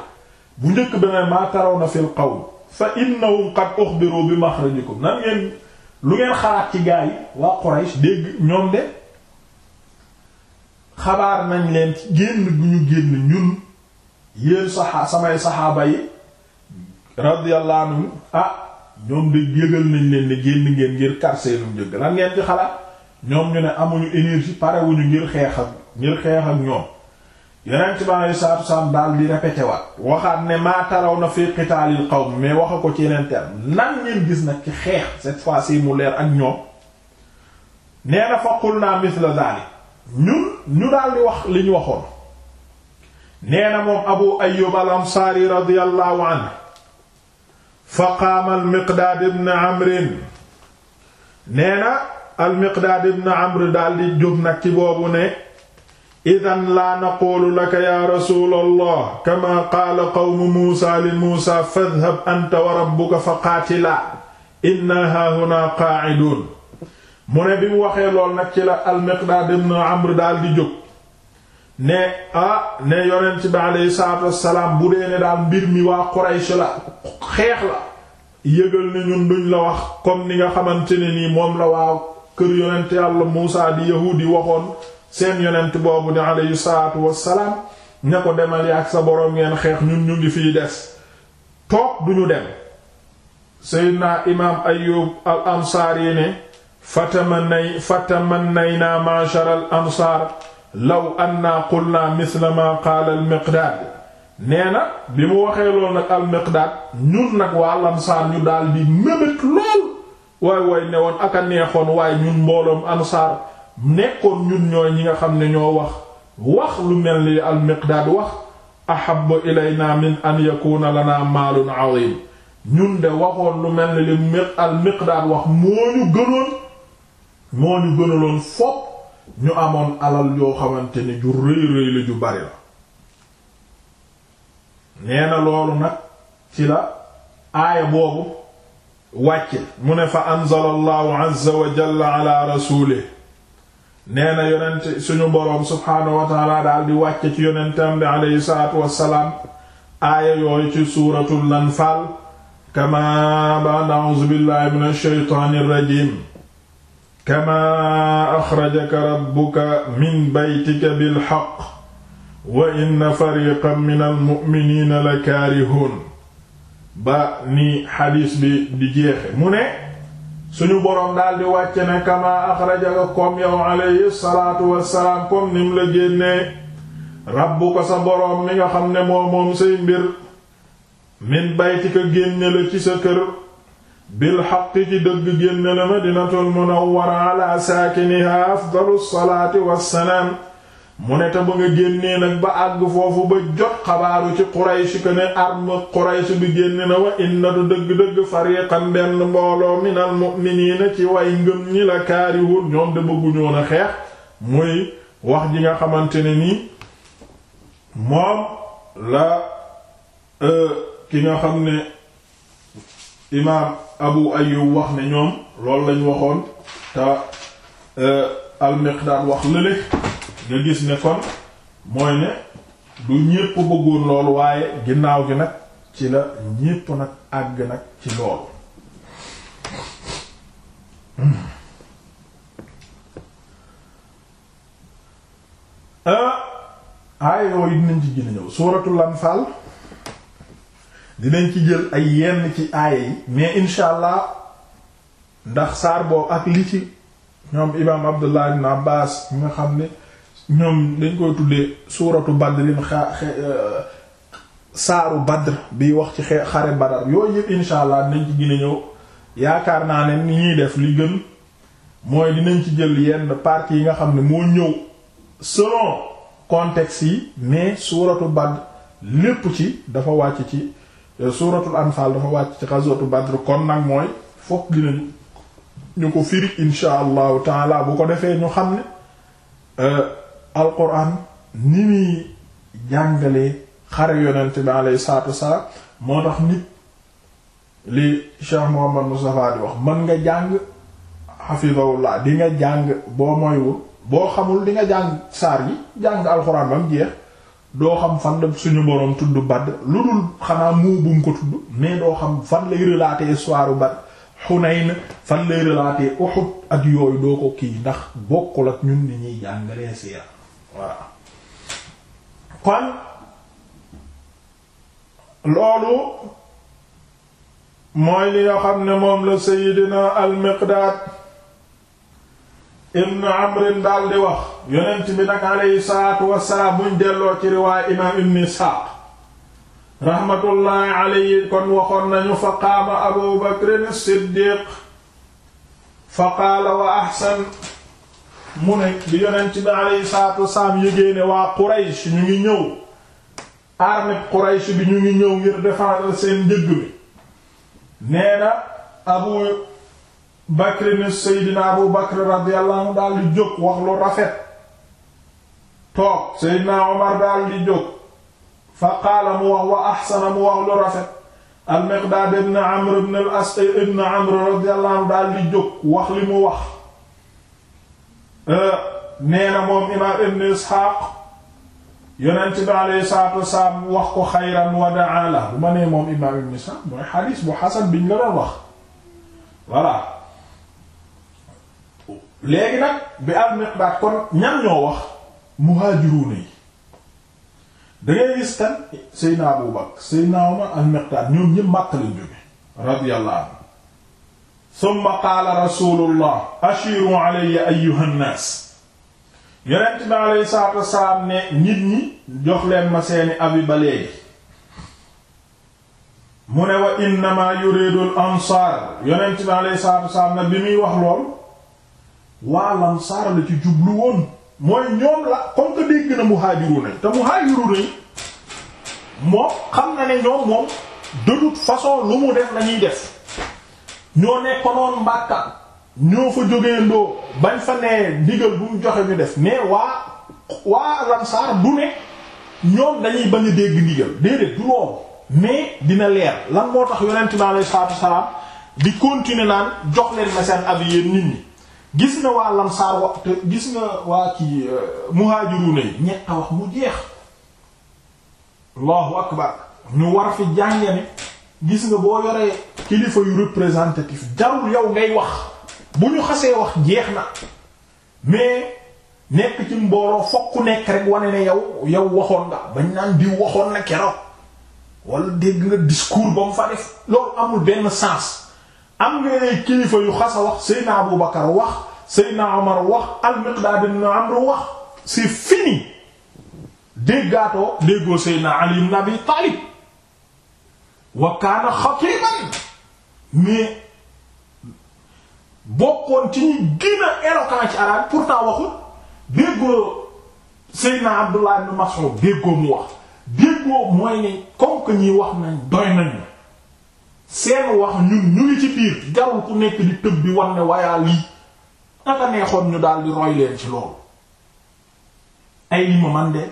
bu njëkk bi ne maa taraw na fil qawm fa innahum qad ukhbiru bi makhrajikum nan ngeen lu ngeen xalaat ci gaa yi waa Quraysh dégg ñoom de xabaar nañ leen ci génn bu ñu génn ñun yéen saxaa samay saxaaba yi radiyallahu anhum ah ñoom de yëgal nañ leen ne génn ngeen ngir kar seenum jëgg lan ngeen ci xalaat ñoom ñu ne amuñu énergie parewuñu ngir xeex ak ngir xeex ak ñoom yonent bi alei salatu wasalaam daal di répété waxaat ne maa taraw na fi qitaalil qawm mais waxa ko ci yeneen terme nan ngeen gis nag ci xeex cette fois-ci mu leer ak ñoom nee na fa naa mithla zalik ñun ñu daldi wax li ñu waxoon nee na moom abu ayyub al ansaari radiyallahu anhu fa qaama al miqdaad ibn amrin nee na al miqdaad ibn amr daldi jóg nag ci boobu ne idan laa naqulu laka ya rasul allah kama qaala qawmu muusa li muusa fadhhab anta wa rabbuka fa qaatilaa inna haahunaa qaa'iduun mu ne bi mu waxee lool nag ci la al-Miqdaad ibn Amr daal di jóg ne ah ne yonent bi aleyhi salaatu wassalaam bu dee ne daal mbir mi waa Quraysh la xeex la yëgal ne ñun duñ la wax comme ni nga xamante ne nii moom la waa kër yonent yàlla Muusaa di yahuudi waxoon seen yonent boobu di aleyhi salaatu wassalaam ne ko demal ak sa borom ngeen xeex ñun ñu ngi fiy des toog duñu dem Seydina imaam Ayyub al-Ansaari ne fatamannay fatamannayna ma'shar al ansaar law anna qulna mithla ma qaala al nee na bi mu waxee lool nag al miqdaad ñun nag waa al ñu daal di mébét lool waay waay ne woon ak neexoon waaye ñun mbooloom ansaar nekkoon ñun ñooy ñi nga xam ne ñoo wax wax lu mel ni al miqdaad wax ahabbu ilayna min an yakuna lana maalun azim ñun de waxoon lu mel ni li wax moo ñu gënoon moo ñu gënaloon fopp ñu amoon alal yoo xamante ne ju rëy rëy ju bari la nee na loolu ci la aaya boobu wàcce mu ne fa anzala allahu azza wa jalla ala rasulih nee na suñu boroom subhaanahu wa daal di wàcce ci yonentam bi aleyhi salaatu wassalaam aaya yooyu ci suuratul anfaal kama ba'da a'uuzu billahi minash shaytaanir rajiim kamaa axrajaka rabbuka min baytika bilxaq wa inna fariqan min almu'miniina la kaarihuun ba ni xadiis bi di jeexe mu ne suñu boroom daal di wàcce ne kamaa axrajaka kom yow alayhi salaatu wassalaam kom nim la génnee rabbuka sa boroom mi nga xam ne moo say mbir min baytika génne la ci sa kër bil xaqi ci dëgg génn na madinatul munawwara ala saakiniha afdalu salaati wassalaam mu ne te ba nga génnee nag ba àgg foofu ba jot xabaaru ci quraysh ko ne arme quraysh bi génn na wa inna du dëgg-dëgg fariqan benn mbooloo minal mu'miniina ci way ngëm ñi la kaarihuun ñoom de bëgguñoon a xeex muy wax ji nga xamante ne nii moom la euh, ki nga xam ne imaam abu ayub wax ne ñoom loolu lañ waxoon te euh, almiqdaad wax lële nga gis ne kon mooy ne du ñépp bëggoon loolu waaye ginnaaw gi nag ci la ñépp nag àgg nag ci loolu hmm. euh, aaya yooyu dinañ ci gën ñëw suuratul anfaal dinañ ci jël ay yenn ci aaya yi mais insha allah ndax saar boobu ak li ci ñoom imaam abdullah ibn abbas ñi nga xam ne ñoom dañ koy tuddee suuratu badrin xa euh, saaru badr bi wax ci xare badar yooyu yëpp insha allah dinañ ci gën ñëw yaakaar naa ne ni ñuy def li gën mooy dinañ ci jël yenn parties yi nga xam ne moo ñëw selon contexte yi mais suuratu badr lépp ci dafa wàcc ci Euh, suuratul anfaal dafa wàcc ci ghazwatu badr kon nag mooy fokk dinañu ñu ko firi insha allahu taala bu ko defee ñu xam ne euh, alquran ni muy jàngalee xare yonent bi alayhi salaatu wassalaam moo tax nit li Cheikh Muhammad Mustafa di wax mën nga jàng hafizahullah di nga jàng boo moywul boo xamul di nga jàng saar yi jàng alquran ba mu jeex doo xam fan la suñu boroom tudd Badr lu dul xanaa muu ko tudd mais doo xam fan lay relater histoire Badr Hunayn fan lay relater Uhud ak yooyu doo ko kii ndax bokkul ak ñun ni ñuy jàngalee siira voilà kon loolu mooy li nga xam ne moom la Seydina al ibn amrin daal di wax yonent bi nag aleyhi salaatu wasalaam muñ delloo ci riwaay imaam ibn isxaaq rahmatullahi waxoon nañu fa qaama abu bakrin siddiq fa qaala wa ahsan mu ne di yonent bi aleyhi salaatu wasalaam yégée waa quraysh ñu ngi ñëw armée quraysh bi ñu ngi ñëw ngir défendre seen njëg bi nee abu Bakrin Seydina Abu Bakr radiyallahu anhu daal di jóg wax lu rafet toog Seydina Omar daal di jóg fa qaala mu wax wa ahsana mu wax lu rafet al-Miqdaad ibn Amr ibn al-As eh, ibn Amr radiyallahu anhu daal di jóg wax li mu wax eh, nee na moom imaam ibn Isxaaq yonent bi alayhi salaatu wasalaam wax ko xayran wa da'aa lahu bu ma nee moom imaam ibn Isxaaq mooy xadiis bu xasan biñ la doon wax voilà léegi nag bi al-Miqdaad kon ñan ñoo wax muhaajiruuna yi da ngay gis Abu Bakr Seydina Umar al-Miqdaad ñoom ñëpp Makka lañ radiyallahu summa qaala rasulullah ashiru alayya ayyuha nnaas yonent bi alayhi salaatu ne nit ñi jox leen ma seeni abi ba léegi mu ne wa innama yuridu ansaar yonent bi alayhi salaatu wassalaam ne bi muy wax lool waa lamsaar la ci jublu woon mooy ñoom la comme que dégg na muhaajiru nañ te muhaajiru nañ moom xam na ne ñoom moom de façon lu mu def lañuy def ñoo nekkonoon Mbàkka ñoo fa jógee ndoo bañ fa nee ndigal bu mu joxe ñu def mais waa waa lamsaar du ne ñoom dañuy bañ a dégg ndigal déedéet du loolu mais dina leer lan moo tax yonent bi alayhi salaatu di continuer naan jox leen ma seen avis nit ñi. gis nga waa lamsaar wa te gis nga waa kii euh, muhaajiruuna yi ñett wax mu jeex allahu akbar ñu war fi jànge ne gis nga boo yoree kilifa yu représentatif jarul yow ngay wax bu ñu xasee wax jeex na mais nekk ci mbooloo fokk nekk rek wane ne yow yow waxoon nga bañ naan diw waxoon na keroog wala dégg nga discours ba mu fa def loolu amul benn sens am nga ay kilifa yu xas a wax Abu Bakar wax Seydina Omar wax al-Miqdaad ibn Amr wax c'est fini déggaatoo déggoo Seydina Ali ibn Taalib wa kaana xatiiban mais bokkoon ci ñi gën a ci arabe pourtant waxul déggoo Seydina Abdullah ibn Mas'ud déggoo mu wax déggoo mooy ne comme que ñi wax nañ doy nañ seen wax ñun ñu ngi ci biir jarul ku nekk di tëb bi war ne wayaa lii naka ñu daal di roy leen ci loolu ay li ma man de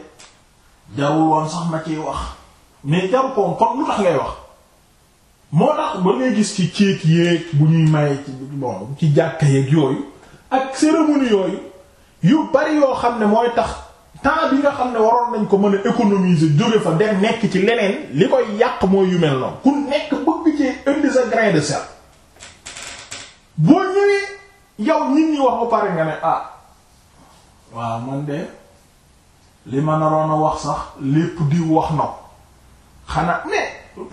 jarul sax ma ciy wax mais jarul koom kon lu tax ngay wax moo tax ba gis ci céet bu ñuy maye ci bon yeeg yooyu ak cérémonie yooyu yu bari yoo xam ne mooy tax temps bi nga xam ne waroon nañ ko mën a économiser jóge fa dem nekk ci leneen li koy yàq mooy yu mel ku nekk indi sa grain de sel boo ñëwee yow nit ñi wax ba pare nga ne ah waaw man de li ma naroon a wax sax lépp diw wax na xanaa ne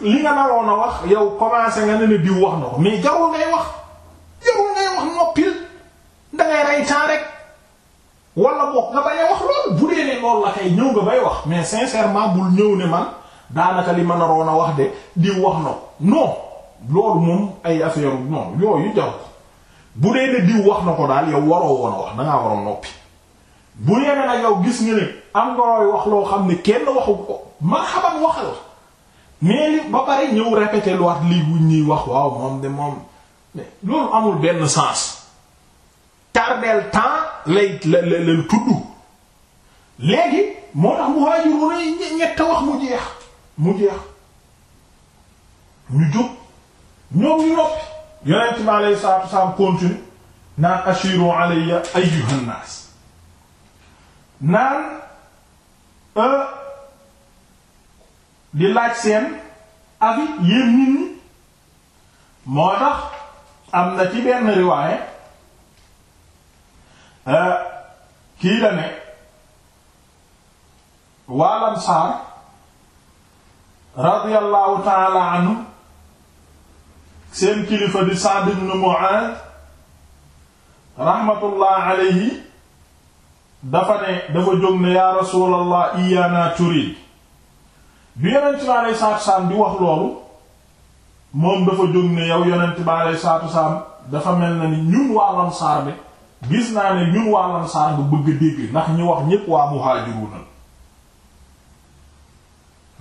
li nga naroon a wax yow commencé nga ne ne diw wax na ko mais jarul ngay wax jarul ngay wax noppil dangay rey temps rek wala bokk nga bay wax loolu bu dee ne la kay ñëw nga bay wax mais sincèrement bul ñëw ne man daanaka li ma naroon a wax de diw wax na no loolu moom ay affaire non yooyu jaw ko bu dee ne diw wax na ko daal yow waroo woon a wax dangaa waroon noppi bu dee ne nag yow gis nga ne am nga wax loo xam ne kenn waxu ko ma xamal waxal mais li ba pare ñëw répété lu lii wuñ ñuy wax waaw moom de moom loolu amul benn sens tardeel temps lay la la la tudd léegi moo tax mu waajur mu ne ñett wax mu jeex mu jeex ñu jóg ñoom ñu noppi yonent bi alayhi salaatu wasalaam continue naan ashiru alayya ayyuhan naas naan euh, di laaj seen avi yéen nit ñi am na ci riwaaye euh, kii waalam saar radiyallahu ta'ala anhu seen kilifa di Sa'd ibn Mu'adh rahmatullah alayhi dafa ne dafa jóg ne yaa rasulallah iyaana turid bi yonent bi aleyhi salaatu salaam di wax loolu moom dafa jóg ne yow yonent bi aleyhi salaatu salaam dafa mel na ni ñun waa Ansaar bi gis naa ne ñun waa Ansaar bi bëgg dégg ndax ñu wax ñépp waa muhaajiruuna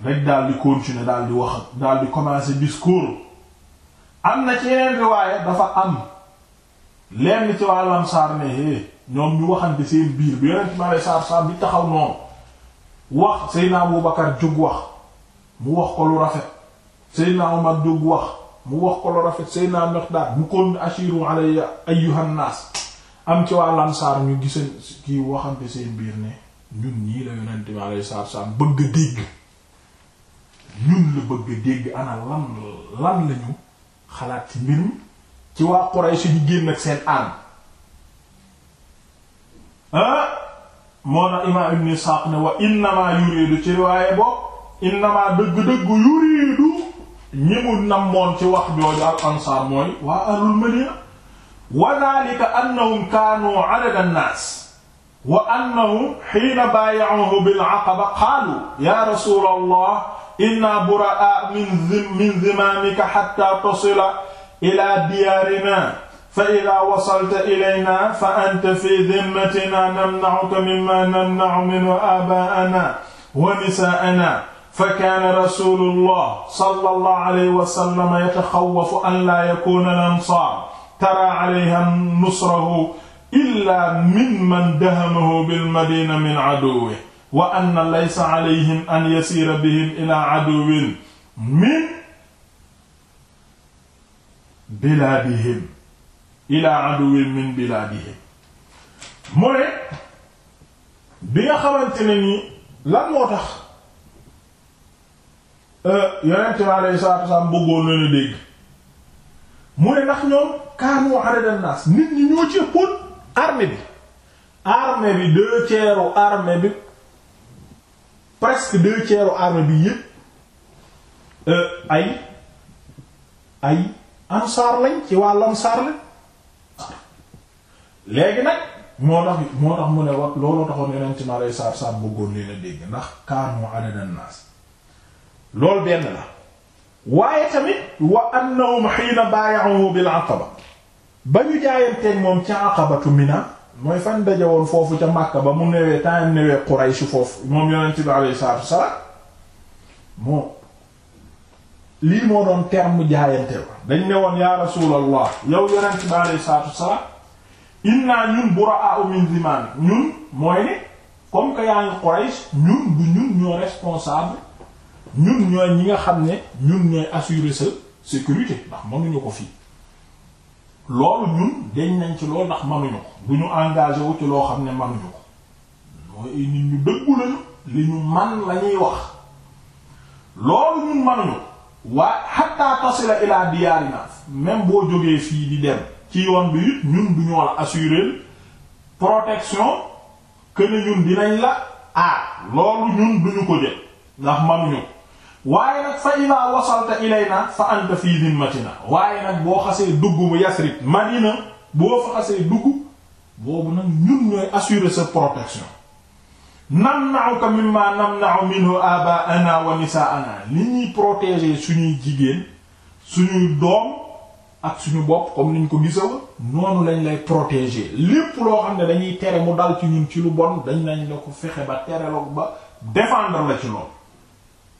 rek daal di continuer daal di wax daal di commencer discours am na ci yeneen riwaaya dafa am lenn ci waa lamsaar ne hé eh, ñoom ñu waxante seen biir bi yeneen ci ma saar saar bi taxaw noonu wax naa Abu Bakar jóg wax mu wax ko lu rafet Seydina Umar jóg wax mu lu rafet Seydina Miqdaad mu kon ashiru alayya ayyuhan naas am ci waa lamsaar ñu gisa kii waxante seen biir ne ñun ñii la yonent bi alayhi salaatu salaam bëgg dégg ñun la bëgg dégg ana lan lan lañu xalaat ci mbir mi ci waa Quraysh ñu génn ak seen arme ah moo na imaam Ibn Isaaq ne wa innama yuridu ci riwaaye bopp innama dëgg-dëgg yuridu ñëmul nam moon ci wax jooju al ansaar mooy waa ahlul madina wa dhalika annahum kaanu adada an-naas wa annahum hiina baayacuhu bil aqaba qaalu ya rasulallah inna bura'a min zimaamika hatta tasila ila diyaarinaa fa idaa wasalta ilaynaa fa anta fi dhimmatinaa namna'uka mimmaa namna'u minhu aabaa'anaa wa nisaa'anaa fakaana rasuulullah sallallahu alayhi wa sallam yataxawwafu an laa yakuuna al-ansaar taraa alayhim nusrahu illaa mimman dahamahu bil madiina min aduwwihi wa anna laysa alayhim an yasiira bihim ila aduwin min bilaadihim ila aduwin min bilaadihim mu ne bi nga xamante ne nii lan moo tax euh, yonent bi alayhi salaatu wasalaam bëggoon leen dégg mu ne ndax ñoom kaanu adadan naas nit ñi ñoo ci ëppoon armée bi armée bi deux tiers armée bi presque deux tiers armée bi euh, ay ay ansaar lañ ci wàll ansaar lañ léegi nag moo tax moo tax mu ne wax looloo taxoon yeneen ci ma lay saar bëggoon leen dégg ndax kaanu adadan naas loolu benn la waaye tamit wa annahum hiina baaya'uhu bil aqaba ba ñu jaayanteeg moom ca aqabatu mina mooy fan daje woon foofu ca Makka ba mu newee temps newee Quraysh foofu moom yonent bi alayhi salaatu wasalaam moom lii moo doon terme jaayante la dañ ne woon ya rasulallah yow yonent bi alayhi salaatu wasalaam inna ñun buraa'u min zimaan ñun mooy ne comme que yaa ngi Quraysh ñun bu ñun ñoo responsable ñun ñooy ñi nga xam ne ñun ñooy assurer sa sécurité ndax mënuñu ko fii loolu ñun deñ nañ ci loolu ndax manuñu ko du ñu engagé wu ci loo xam ne manuñu ko mooy nit ñu dëggu li ñu man lañuy wax loolu ñun manuñu ko waa hatta tasila ila diyaarina même boo jógee fii di dem ci yoon bi it ñun du ñu war a protection que ñun dinañ la ah loolu ñun duñu ko jël ndax manuñu ko waaye nag fa ila wasalta ilayna fa anta fii dimmatina waaye nag boo xasee dugg mu Yasrib Madina boo fa xasee dugg boobu nag ñun ñooy assurer sa protection namna'uka mimma namna'u minhu aba'ana wa nisa'ana li ñuy protéger suñuy jigéen suñuy doom ak suñu bopp comme niñ ko gisawa noonu lañ lay protéger lépp loo xam ne dañuy tere mu dal ci ñun ci lu bon dañ lañ la ko fexe ba tere la ba défendre la ci loolu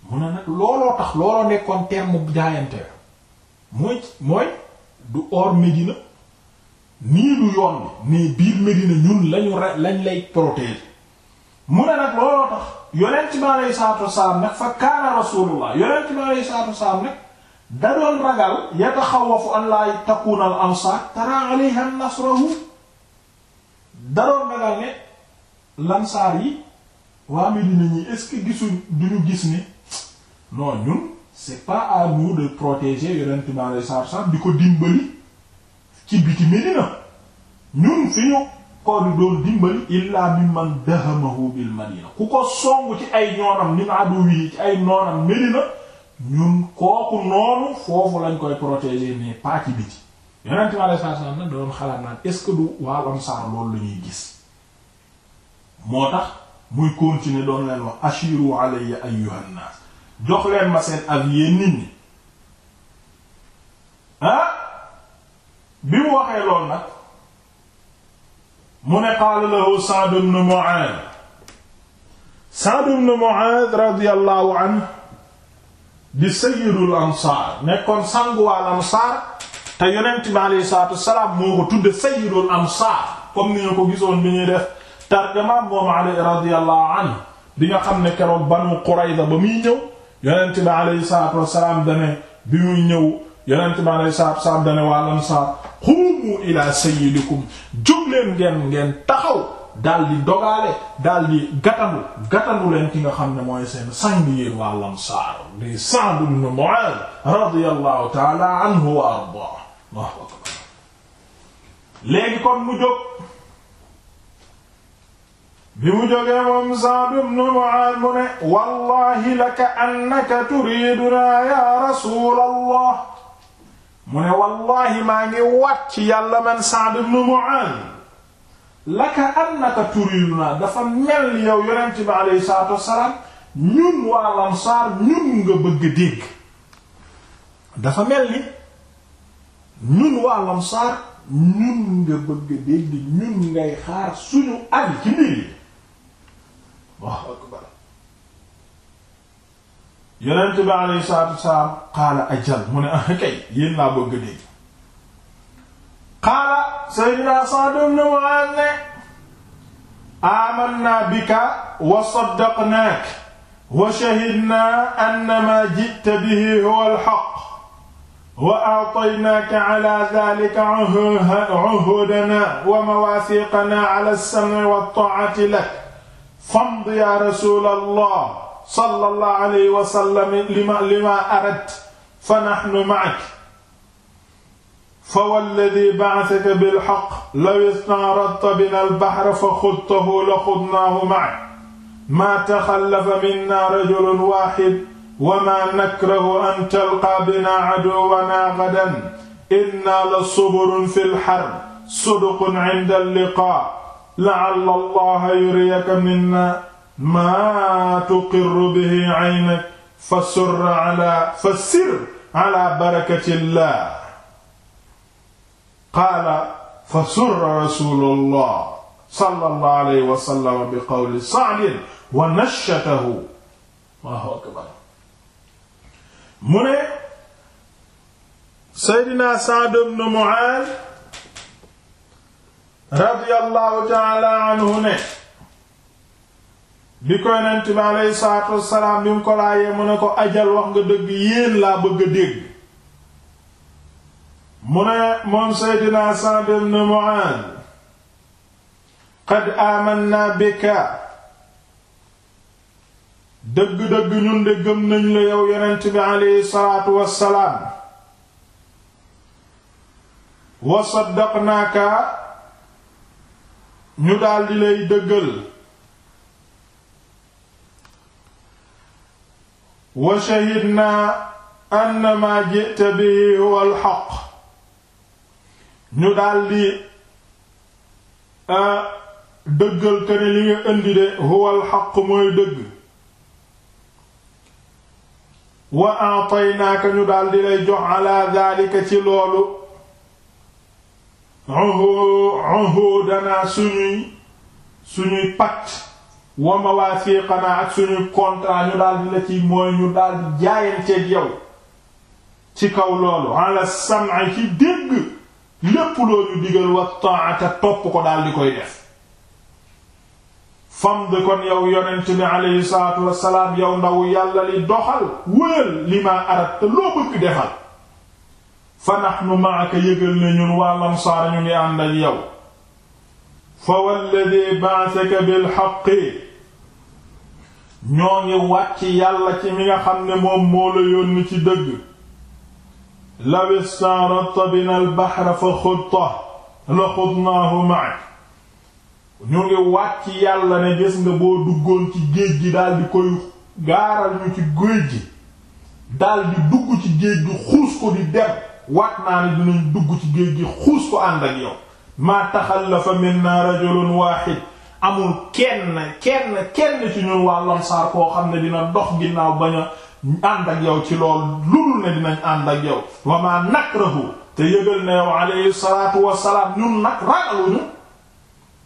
mu ne nag looloo tax looloo nekkoon terme jaayante mooy mooy du or Médina nii du yoon bi mais biir Médina ñun lañu lañ lay protéger mu ne nag looloo tax yonent bi aleyhi salaatu wasalaam nag fa kaana rasulullah yonent bi aleyhi salaatu wasalaam nag da doon ragal yataxawafu an laa takuuna al ansaar tara alayha nasrahu da doon ragal ne lansaar yi waa Médina ñi est-ce que gisuñ gis ne non ñun c'est pas à de protéger yonent bi alei satu salam di ko dimbali ci biti Medina ñun fi ñu ko di doon dimbali illaa mi man dahamahu bil madina ku ko song ci ay ñoonam ni ma adu wi ci ay noonam Medina ñun kooku noonu foofu lañ koy protéger mais pas ci biti yonent bi alei satu salam nag doon xalaat naan est-ce que du waa Ansaar loolu la ñuy gis moo tax muy continuer doon leen wax ashiru alayya ayyuhan nas jox leen ma seen avis nit ñi ah bi mu waxee lool nag mu ne qaala lahu Sa'd ibn Mu'adh Sa'd ibn Mu'adh radiyallahu anhu di sayyidul ansaar nekkoon sanguwaal ansaar te yonent bi alayhi salaatu wassalaam moo ko tudde sayyidul ansaar comme ni ñu ko gisoon bi ñuy def tarjamaam moom alayhi radiyallahu anhu bi nga xam ne keroog Banu Qurayza ba muy ñëw yonent bi alayhi salaatu wassalaam dane bi muy ñëw yonent bi alayhi salaatu wassalaam dane waa ansaar xuumu ila sayyidikum jóg ngeen ngeen taxaw daldi di dogaale daal di gàttandu leen ki nga xam ne mooy seen sang bi yéen waa ansaar di Sa'd ibn Mu'aaz radiyallahu ta'ala anhu wa ardaa léegi kon mu jóg bi mu jógee moom Sa'd ibn Mu'aaz mu ne wallahi laka annaka turiidunaa yaa rasuulallah mu ne wallahi maa ngi wàcc yàlla man Sa'd ibn Mu'aaz laka annaka turiidunaa dafa mel yow yonent bi alayhi salaatu wassalaam ñun waa Ansaar ñun nga bëgg dégg dafa mel ni ñun waa Ansaar ñun nga bëgg dégg ñun ngay xaar suñu àll ci mbir Allahu akbar yonent bi alayhi salaatu wasalaam qaala ajal mu ne ah kay yéen laa bëgg dégg qaala sayyidina Sa'd ibn Mu'adh ne aamanna bika wa saddaqnaaka wa shahidnaa annamaa ji'ta bihi huwal haqq wa a'taynaaka 'alaa dhaalika 'uhudanaa wa mawaaathiqanaa 'alaa as-sam'i wat-taa'ati lak famd ya rasul allah sallallahu alayhi wa sallam lima lima aradt fa nahnu ma'ak fa walladhi ba'athaka bil haqq law ista'radta bina al bahra fa khudtahu la khudnahu ma'ak ma takhallafa minna rajulun wahid wa ma nakrahu an talqa bina aduwana ghadan inna la suburun fil harb sidqun 'inda al liqa' la'alla allaha yuriyaka minna maa tuqirru bihi aynak fasur ala fasir ala barakatillah qaala fasurra rasulullah sallallahu alayhi wa sallam bi qawli Sa'd wa nashshatahu Allahu akbar mu ne Seydina Sa'd ibn Mu'adh radiyallahu taala anhu ne bi ko yonent bi aleyhi wassalaam bi mu ko laajee mu ne ko ajal wax nga dëgg yéen laa bëgg a dégg mu ne moom seydinaa Sa'd ibn Mu'aaz qad aamanna bika dëgg-dëgg ñun de gëm nañ la yow yonent bi aleyhi wassalaam wa saddaqnaaka ñu daldi lay dëggal wa shahidna annama ji'ta bihi huwa alxaq ñu daldi ah, dëggal te li nga indi de huwa alxaq mooy dëgg wa a'taynaaka ñu daldi lay jox ala daalika ci loolu uhuudanaa suñuy suñuy pacte wa mawaathiqanaa ak suñuy contrat ñu daal di la ci mooy ñu daal di jaayanteeg yow ci kaw loolu ala sam'i ci dégg lépp loolu digal wa ta'ata topp ko daal di koy def fam de kon yow yonent bi aleyhi salaatu wassalaam yow ndaw yàlla li doxal wéyal li ma arat loo bëgg defal fa nahnu ma'aka yëgal ne ñun waa Ansaar ñu ngi ànd ak yow fa walladhi ba'athaka bil haqqi ñoo ngi wàcc yàlla ci mi nga xam ne moom moo la yónni ci dëgg law ista'radta bina al bahra fa xutta la xutnaahu ma'ak ñu ngi wàcc yàlla ne gis nga boo duggoon ci géej gi daldi koy gaaral ñu ci géej gi daldi dugg ci géej gi xuus ko di dem waat naan ne dinañ dugg ci géej gi xuus ko ànd ak yow maa taxallafa minna rajulun waahid amul kenn kenn kenn ci ñun waa lansaar koo xam ne dina dox ginnaaw ba a ànd ak yow ci lool ludul ne dinañ ànd ak yow wa maa nakrahu te yëgal na yow alayhi salaatu wassalaam ñun nag ragaluñu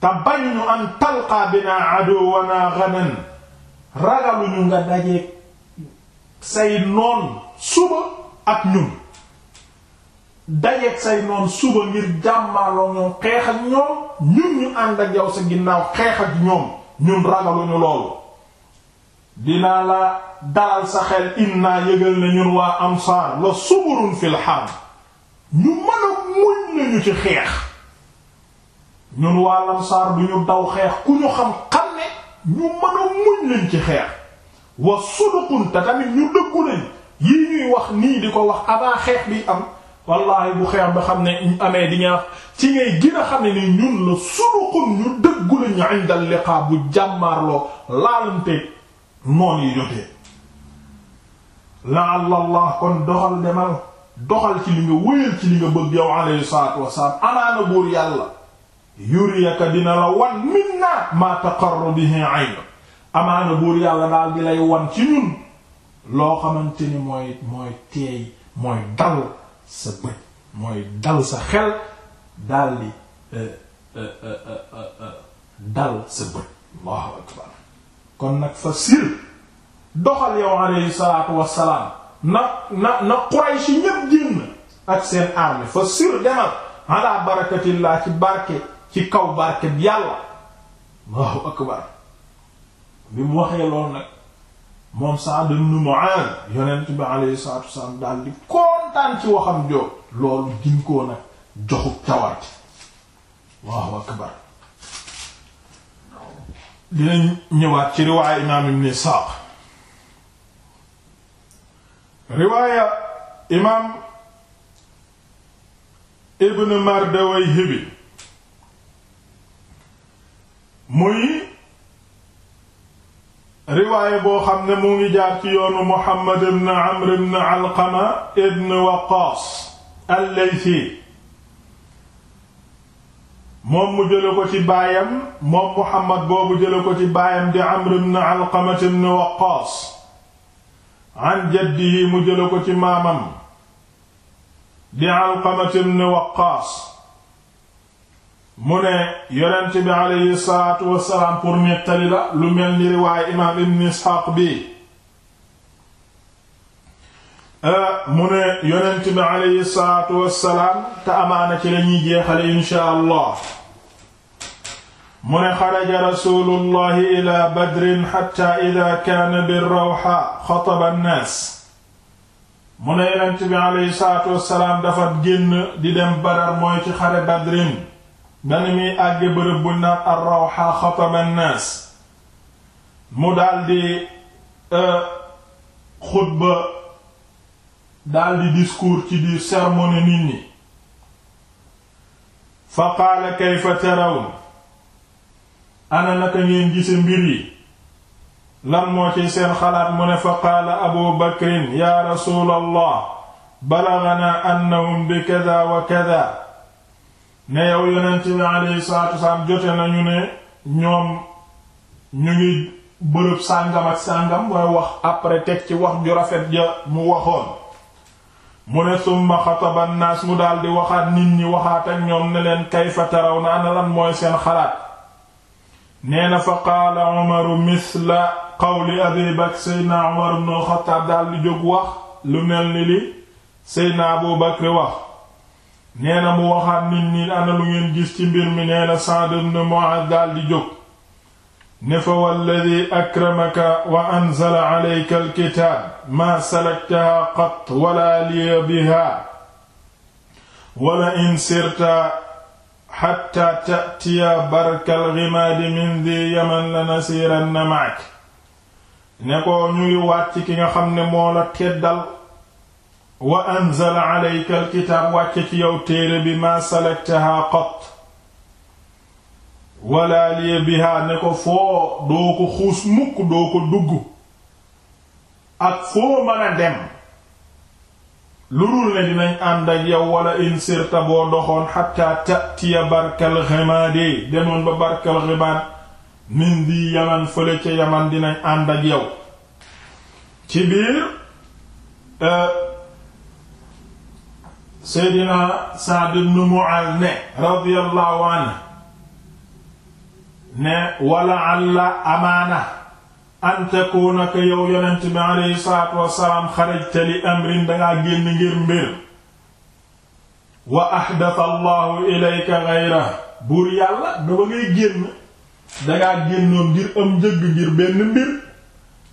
te bañ ñu an talqaa binaa aduwana gadan ragaluñu nga daje say noon suba ak ñun dajeeg say noon suba ngir jàmmaarloo ñoom xeex ak ñoom ñun ñu ànd ak yow sa ginnaaw xeex ñoom ñun ragaluñu loolu dinaa la dalal sa xel naa yëgal na ñun waa Ansaar la suburun fil harb ñu mën a muñ nañu ci xeex ñun waa Ansaar du ñu daw xeex ku ñu xam xam ne ñu mën a muñ lañ ci xeex wa suduqun te tamit ñu dëggu nañ yii ñuy wax nii di ko wax avant xeex bi am wallahi bu xeex ba xam ne amee di nga ci ngay gën a xam ne ni ñun la suruxun ñu dëggu lañu inda liqa bu jàmmaarloo laalante la allah kon doxal demal doxal ci li nga wëyal ci li nga bëgg yow alayhi salaatu wasalaam amaana buur yàlla yuriyaka dina la wan minna ma taqarru bihi ayn amaana buur yàlla daal di lay wan ci ñun loo xamante ni mooy mooy teey mooy dal sa bët mooy dal sa xel dal di eh, eh, eh, dal sa bët allahu akbar kon nag fa sir doxal yow alayhi salaatu wassalaam na na na Quraysh ñépp génn ak seen armée fa sir demal ala barakatillah ci barke ci kaw barke bi yàlla allahu akbar bi mu waxee lool nag moom Sa'd ibn Mu'adh yonent bi alayhi salaatu wassalaam dal di ko kontaan ci waxam joo loolu dinkoo nag joxub tawat waaw akbar dinañ ñëwaat ci riwaaya imaam ibn Isaaq riwaaya imaam ibn Mardawayhi bi muy riwaaye boo xam ne mu ngi jaar ci yoonu Muhammad ibn Amr ibn Alqama ibn al-Laythi moom mu jële ko ci baayam moom Muhammad boobu jële ko ci baayam di Amr ibn Alqama ibn Waqaas an jaddihi mu jële ko ci maamam di Waqaas mu ne yonent bi aleyhi salaatu wassalaam pour nettali la lu mel ni riwaay imaam ibn isxaaq bi euh, mu ne yonent bi aleyhi salaatu wassalaam te amaana ci lañuy jeexale inshaa allah mu ne xaraja rasulullahi ila badrin xatta ida kaana birrawxa xataba annaas mu ne yonent bi aleyhi salaatu wassalaam dafa génn di dem badar mooy ci xare badrin man mi àgge bërëb bu naan ar-Rawha xataba an-naas mu daldi euh, xutba daldi discours ci biir sermon nit ñi fa qaala kayfa tarawn ana naka ngeen gise mbir yi lan moo ci seen xalaat mu ne fa qaala abu bakrin ya rasuulallah balaganaa annahum bi kada wa kada ne yow yonent bi alayhi salaatu wasalaam jote nañu ne ñoom ñu ngi bërëb sàngam ak sàngam mooy wax après teg ci wax ju rafet ja mu waxoon mu ne summa xataba naas mu daldi waxaat nit ñi waxaat ak ñoom ne leen kayfa taraw na ana lan mooy seen xalaat nee na fa qaala umaru misla qawli abi bakr seydna umar ibn xattaab daldi jóg wax lu mel ni li seydna abu bakr wax nee na mu waxaat nit ñi ana lu ngeen gis ci mbir mi nee na Sa'd ibn Mu'adh daldi jóg ne fa walladi akramaka wa anzala alayka alkitaab maa salaktahaa qat wala liya bihaa wala in sirta xatta ta'tiya barkal ghimaadi min di yaman la nasiiranna ma'ak ne ko ñuy wàcc ki nga xam ne moo la wa anzala alayka alkitaab wàcce ci yow téere bi ma salaktahaa qat wala liya bihaa ne ko foo doo ko xuus mukk doo ko dugg ak foo mën dem lu dul ne dinañ ànd ak yow wala in sirta boo doxoon xataa tatiya barkal ximaade demoon ba barkal ximaad min di yaman fële ca yaman dinañ ànd ak yow ci euh, seydina Saad ibn Mu'aaz ne radiyallahu anhu ne wala alla amaana an takuuna ka yow yonent bi salaatu wassalaam xarajta li amrin dangaa génn ngir mbir wa ahdatha allahu ilayka gayra buur yàlla dama génn dangaa génnoon ngir am njëgg ngir benn mbir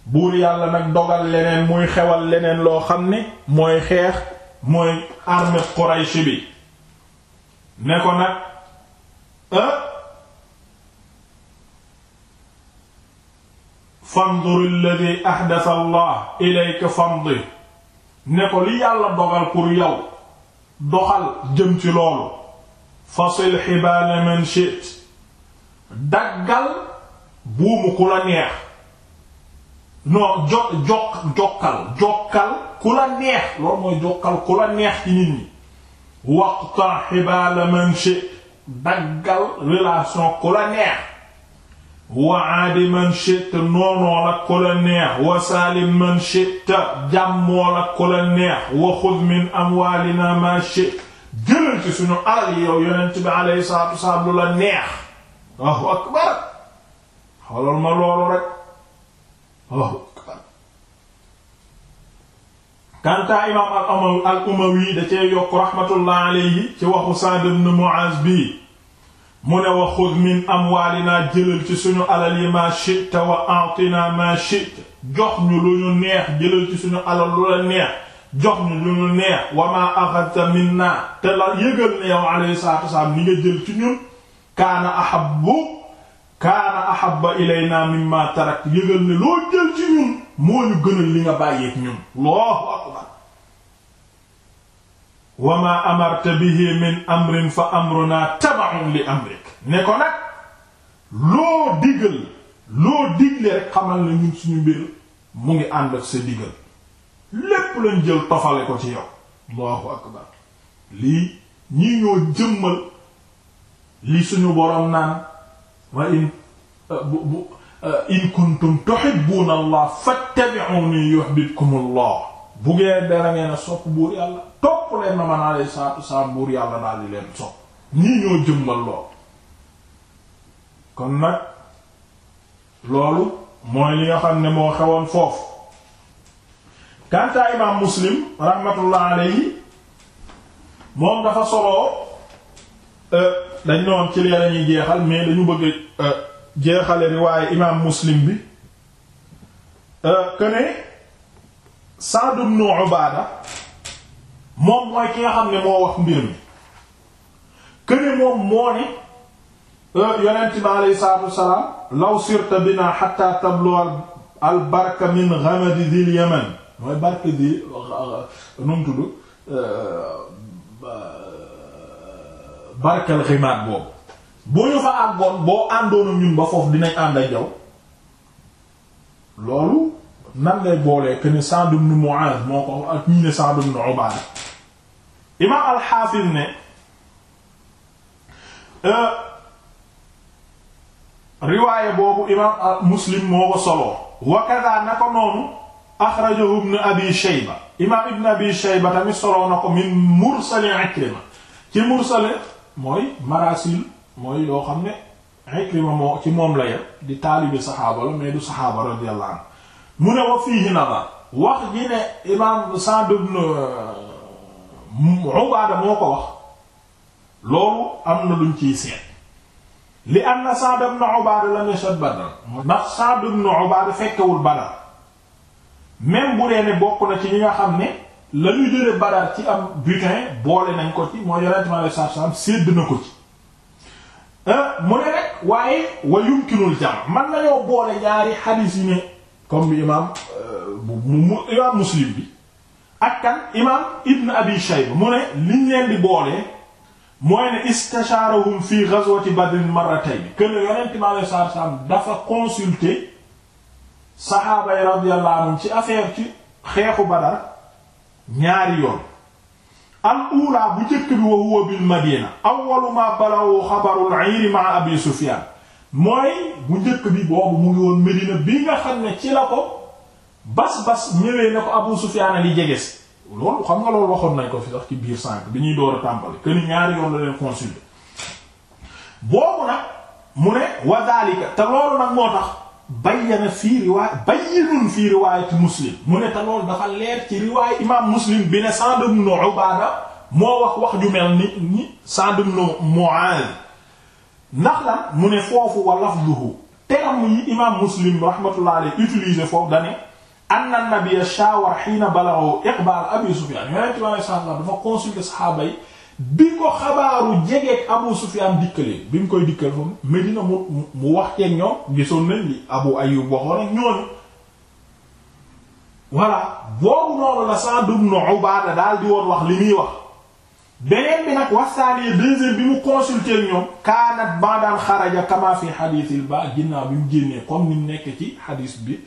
buur yàlla nag dogal leneen muy xewal leneen loo xam ne mooy xeex mooy armée Quraysh bi ne ko nag euh, fandur alladhi ahdatha Allah ilayka fandir ne ko li yàlla dogal pour yow doxal jëm ci loolu fasil xibaala man shit daggal buumu ku la neex non jo jokkal jokkal ku neex loolu mooy jokkal ku neex ci nit ñi man shi daggal relation ku neex wa aadi man shi te noonoo la ku neex wa saalim man shi te jàmmoo la neex wa xud min amwaalina ma shi jëlal ci suñu alal yi yow yonent bi alayhi neex waaw akbar xoolal ma waaw kanta imaam al al umawi da cee yokk rahmatullah alayhi ci waxu Sa'd ibn Mu'az bi mu ne wa xud min amwaalinaa jëlal ci suñu alal yi ma shi'ta wa a'tinaa ma shi'ta jox ñu lu ñu neex jëlal ci suñu alal lu la neex jox ñu lu ñu neex wa maa axadta minnaa te la yëgal ne yow alayhi salaatu wa salaam li nga jël ci ñun kaana ahabbu kaana ahabba ilayna mimma tarak yëgal ne loo jël ci ñun moo ñu gënal li nga bàyyeek ñun allahu akbar wa ma amarta bihi min amrin fa amruna taba'un li amrik ne ko nag loo digal loo digle rek xamal na ñun suñu mbir mu ngi ànd ak sa digal lépp lañ jël tofale ko ci yow allahu akbar lii ñii ñoo jëmmal li suñu boroom naan wa in uh, bu uh, in kuntum tuhibbuna allah fattabi'uni yuhibbukum allah bu ngeen dara ngeen a sopp buur yàlla topp leen na man alayhi salaatu wassalaam buur yàlla daal di leen sopp nii ñoo jëmmal lool kon nag loolu mooy li nga xam ne moo xewoon foofu kantaa imaam muslim rahmatullah Euh, dañ ne ci lee lañuy jeexal mais dañu bëgg euh, jeexale riwaaye imaam muslim bi këne euh, Saad ibn Ubaada moom mooy ki nga xam ne moo wax mbir mi këne moom moo ne yonent bi aleyhi salaatu wassalaam law sirta bina hatta tablu al barka min ghamadi dhil yaman mooy barka di nu mu tudd barkal ximaat boobu bu ñu fa àggoon boo àndoona ñun ba foofu dinañ ànd ak yow loolu nan boolee que ne Sa'd ibn Mu'adh moo ko ak ñu ne Sa'd ibn Ubaada imaam al ne euh, riwaaye boobu imaam Muslim moo ko soloo wa na ko noonu axrajahu ibn Abi Shayba imaam ibn Abi Shayba tamit soloo na ko min mursali Ikrima ci mursali mooy marasil mooy loo xam ne Ikrima moo ci moom la yem di taalibi saxaaba la mais du saxaaba radiyallahu anhu mu ne wa fiihi nadar wax ji ne imaam Sa'd ibn euh, Ubaada moo ko wax loolu am na luñ ciy seet li anna Sa'd ibn Ubaada lam yashhad Badr ndax Sa'd ibn Ubaada fekkewul Badr même bu dee ne bokk na ci ñi nga xam ne la jële Badar ci am butin boole nañ ko ci moo yonent mi alayhi salaatu salaam sédd na ko ci euh, mu ne rek waaye wa yumkinul jam man nañoo boole ñaari xadiis yi ne comme bi euh, imaam muslim bi ak kan imaam ibn abi shayba mu ne liñ leen di boole mooy ne istacharahum fi ghazwati badrin marratayn que ne yonent mi alayhi salaatu salaam dafa consulter saxaaba yi radiyallahu anhum ci affaire ci xeexu Badar ñaari yoon al ula bu njëkk bi wa huwa bil madina awwalu balawu xabarul ayri ma abi sufyan mooy bu njëkk bi boobu mu ngi woon medina bi nga xam ne ci la ko bas-bas ñëwee na ko abu sufyan li jege si loolu xam nga loolu waxoon nañ ko fi sax ci biir sànq bi ñuy door a tàmbali que ñaari yoon la leen consulter boobu nag mu ne wa dalika te loolu nag moo tax bayyana fii riwaay bayyinun fii riwaayati muslim mu ne te loolu dafa leer ci riwaay imaam muslim bi ne Sa'd ibn Ubaada moo wax wax ju mel ni ni Sa'd ibn Mu'aaz ndax lan mu ne foofu wa lafduhu terme yi imaam muslim rahmatullah alayhi utilisé foofu dane anna an-nabiyya shaawara hiina balaghahu iqbaal abi Sufyaan yonent bi sallallahu alayhi wa sallam dafa consulter saxaaba yi bi ko xabaaru jegeek Abu Sufyaan dikkalee bi mu koy dikkal fa Medina mu mu waxteek ñoom gisoon nañ li Abu Ayyub waxoon ak ñooñu voilà boobu noonu la Sa'd ibn Ubaada daal di woon wax li muy wax beneen bi nag waxtaanee deuxième bi mu consulter ñoom kaanat ba'da xaraja kama fi ba ginnaaw bi mu génnee comme ni nekk ci xadiis bi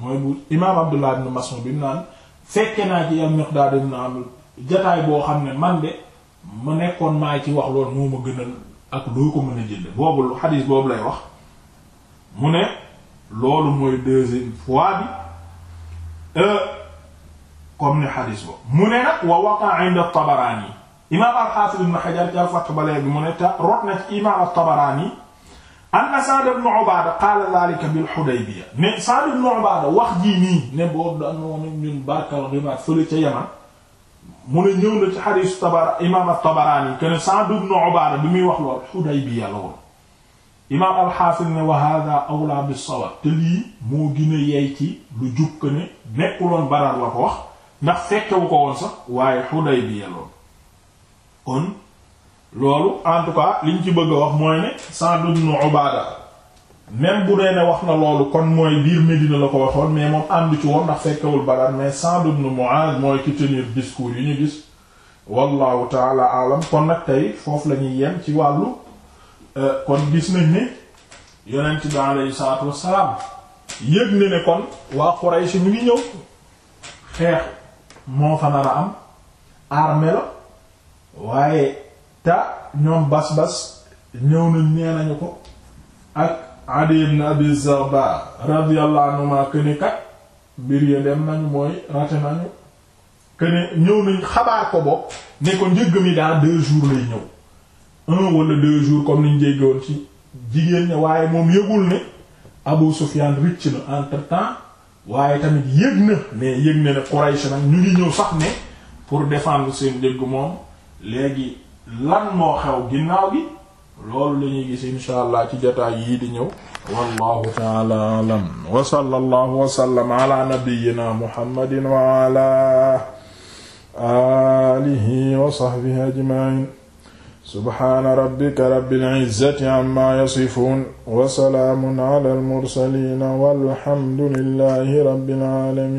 mooy bu imaam Abdullah ibn Mas'ud bi mu naan fekke naa ci al Miqdaad ibn Amr jataay boo xam ne man ma nekkoon maay ci wax loolu moo ma gënal ak loo ko mën a jënd boobu xadiis boobu lay wax mu ne loolu mooy deuxième fois bi euh, comme ni xadiis boobu mu ne nag wa waqa inda Tabarani imaam al-Hafiz ibn Hajar ca Fath ba léegi mu ne te rot na ci imaam at-Tabarani anna Sa'd ibn Ubaada qaala zaalika bil Hudaybiya ne Sa'd ibn Ubaada wax jii nii ne boobu dañoo ñun barka rimaat fële ca Yaman mu ne ñëw na ci xadiisu tabara imaam tabaraani que ne Sa'd ibn Ubaada bi muy wax lool Xudaybiya la woon imaam al ne wa haaza awlaa bis-sawaab te lii moo gën a yey ci lu jub que ne nekkuloon Badar la ko wax ndax fekkewu ko woon sax waaye Xudaybiya lool kon loolu en tout cas ci bëgg a wax mooy ne Sa'd ibn Ubaada même bu dee ne wax na loolu kon mooy biir Médina la ko waxoon mais moom ànd ci woon ndax fekkewul Badar mais Sa'd ibn Mu'adh mooy ki tenir discours yi ñu gis wallahu taala kon nag tey foofu lañuy ñuy yem ci wàllu euh, kon gis nañ ne ci bi aleyhi salaatu wassalaam yëg ne ne kon waa Quraysh ñu ngi ñëw xeex moo fa a am armée waaye ta ñoom bas-bas ñëw nañ nee nañu ko ak Adi ibn Abi Zarba radiyallahu anhuma kat mbir ya dem nañu mooy rate nañu këni ñëw nañ xabaar ko bopp ne ko njëgg mi dans deux jours lay ñëw un wala deux jours comme niñ jéggoon ci jigéen ña waaye moom yëgul ne Abu Sufyan ricc na entre temps waaye tamit yëg na ne yëg na ne Quraysh nag ñu ngi ñëw sax ne pour défendre seen njëgg moom léegi lan moo xew ginnaaw gi loolu la ñuy gis insha allah ci jotaay yii di ñëw wallahu taala alam wa sallallahu wa sallama ala nabiyyina muhammadin wa ala alihi wa sahbihi ajma'in subhana rabbika rabbil izzati amma yasifun wa salaamun ala al mursalin walhamdulillahi rabbil alamin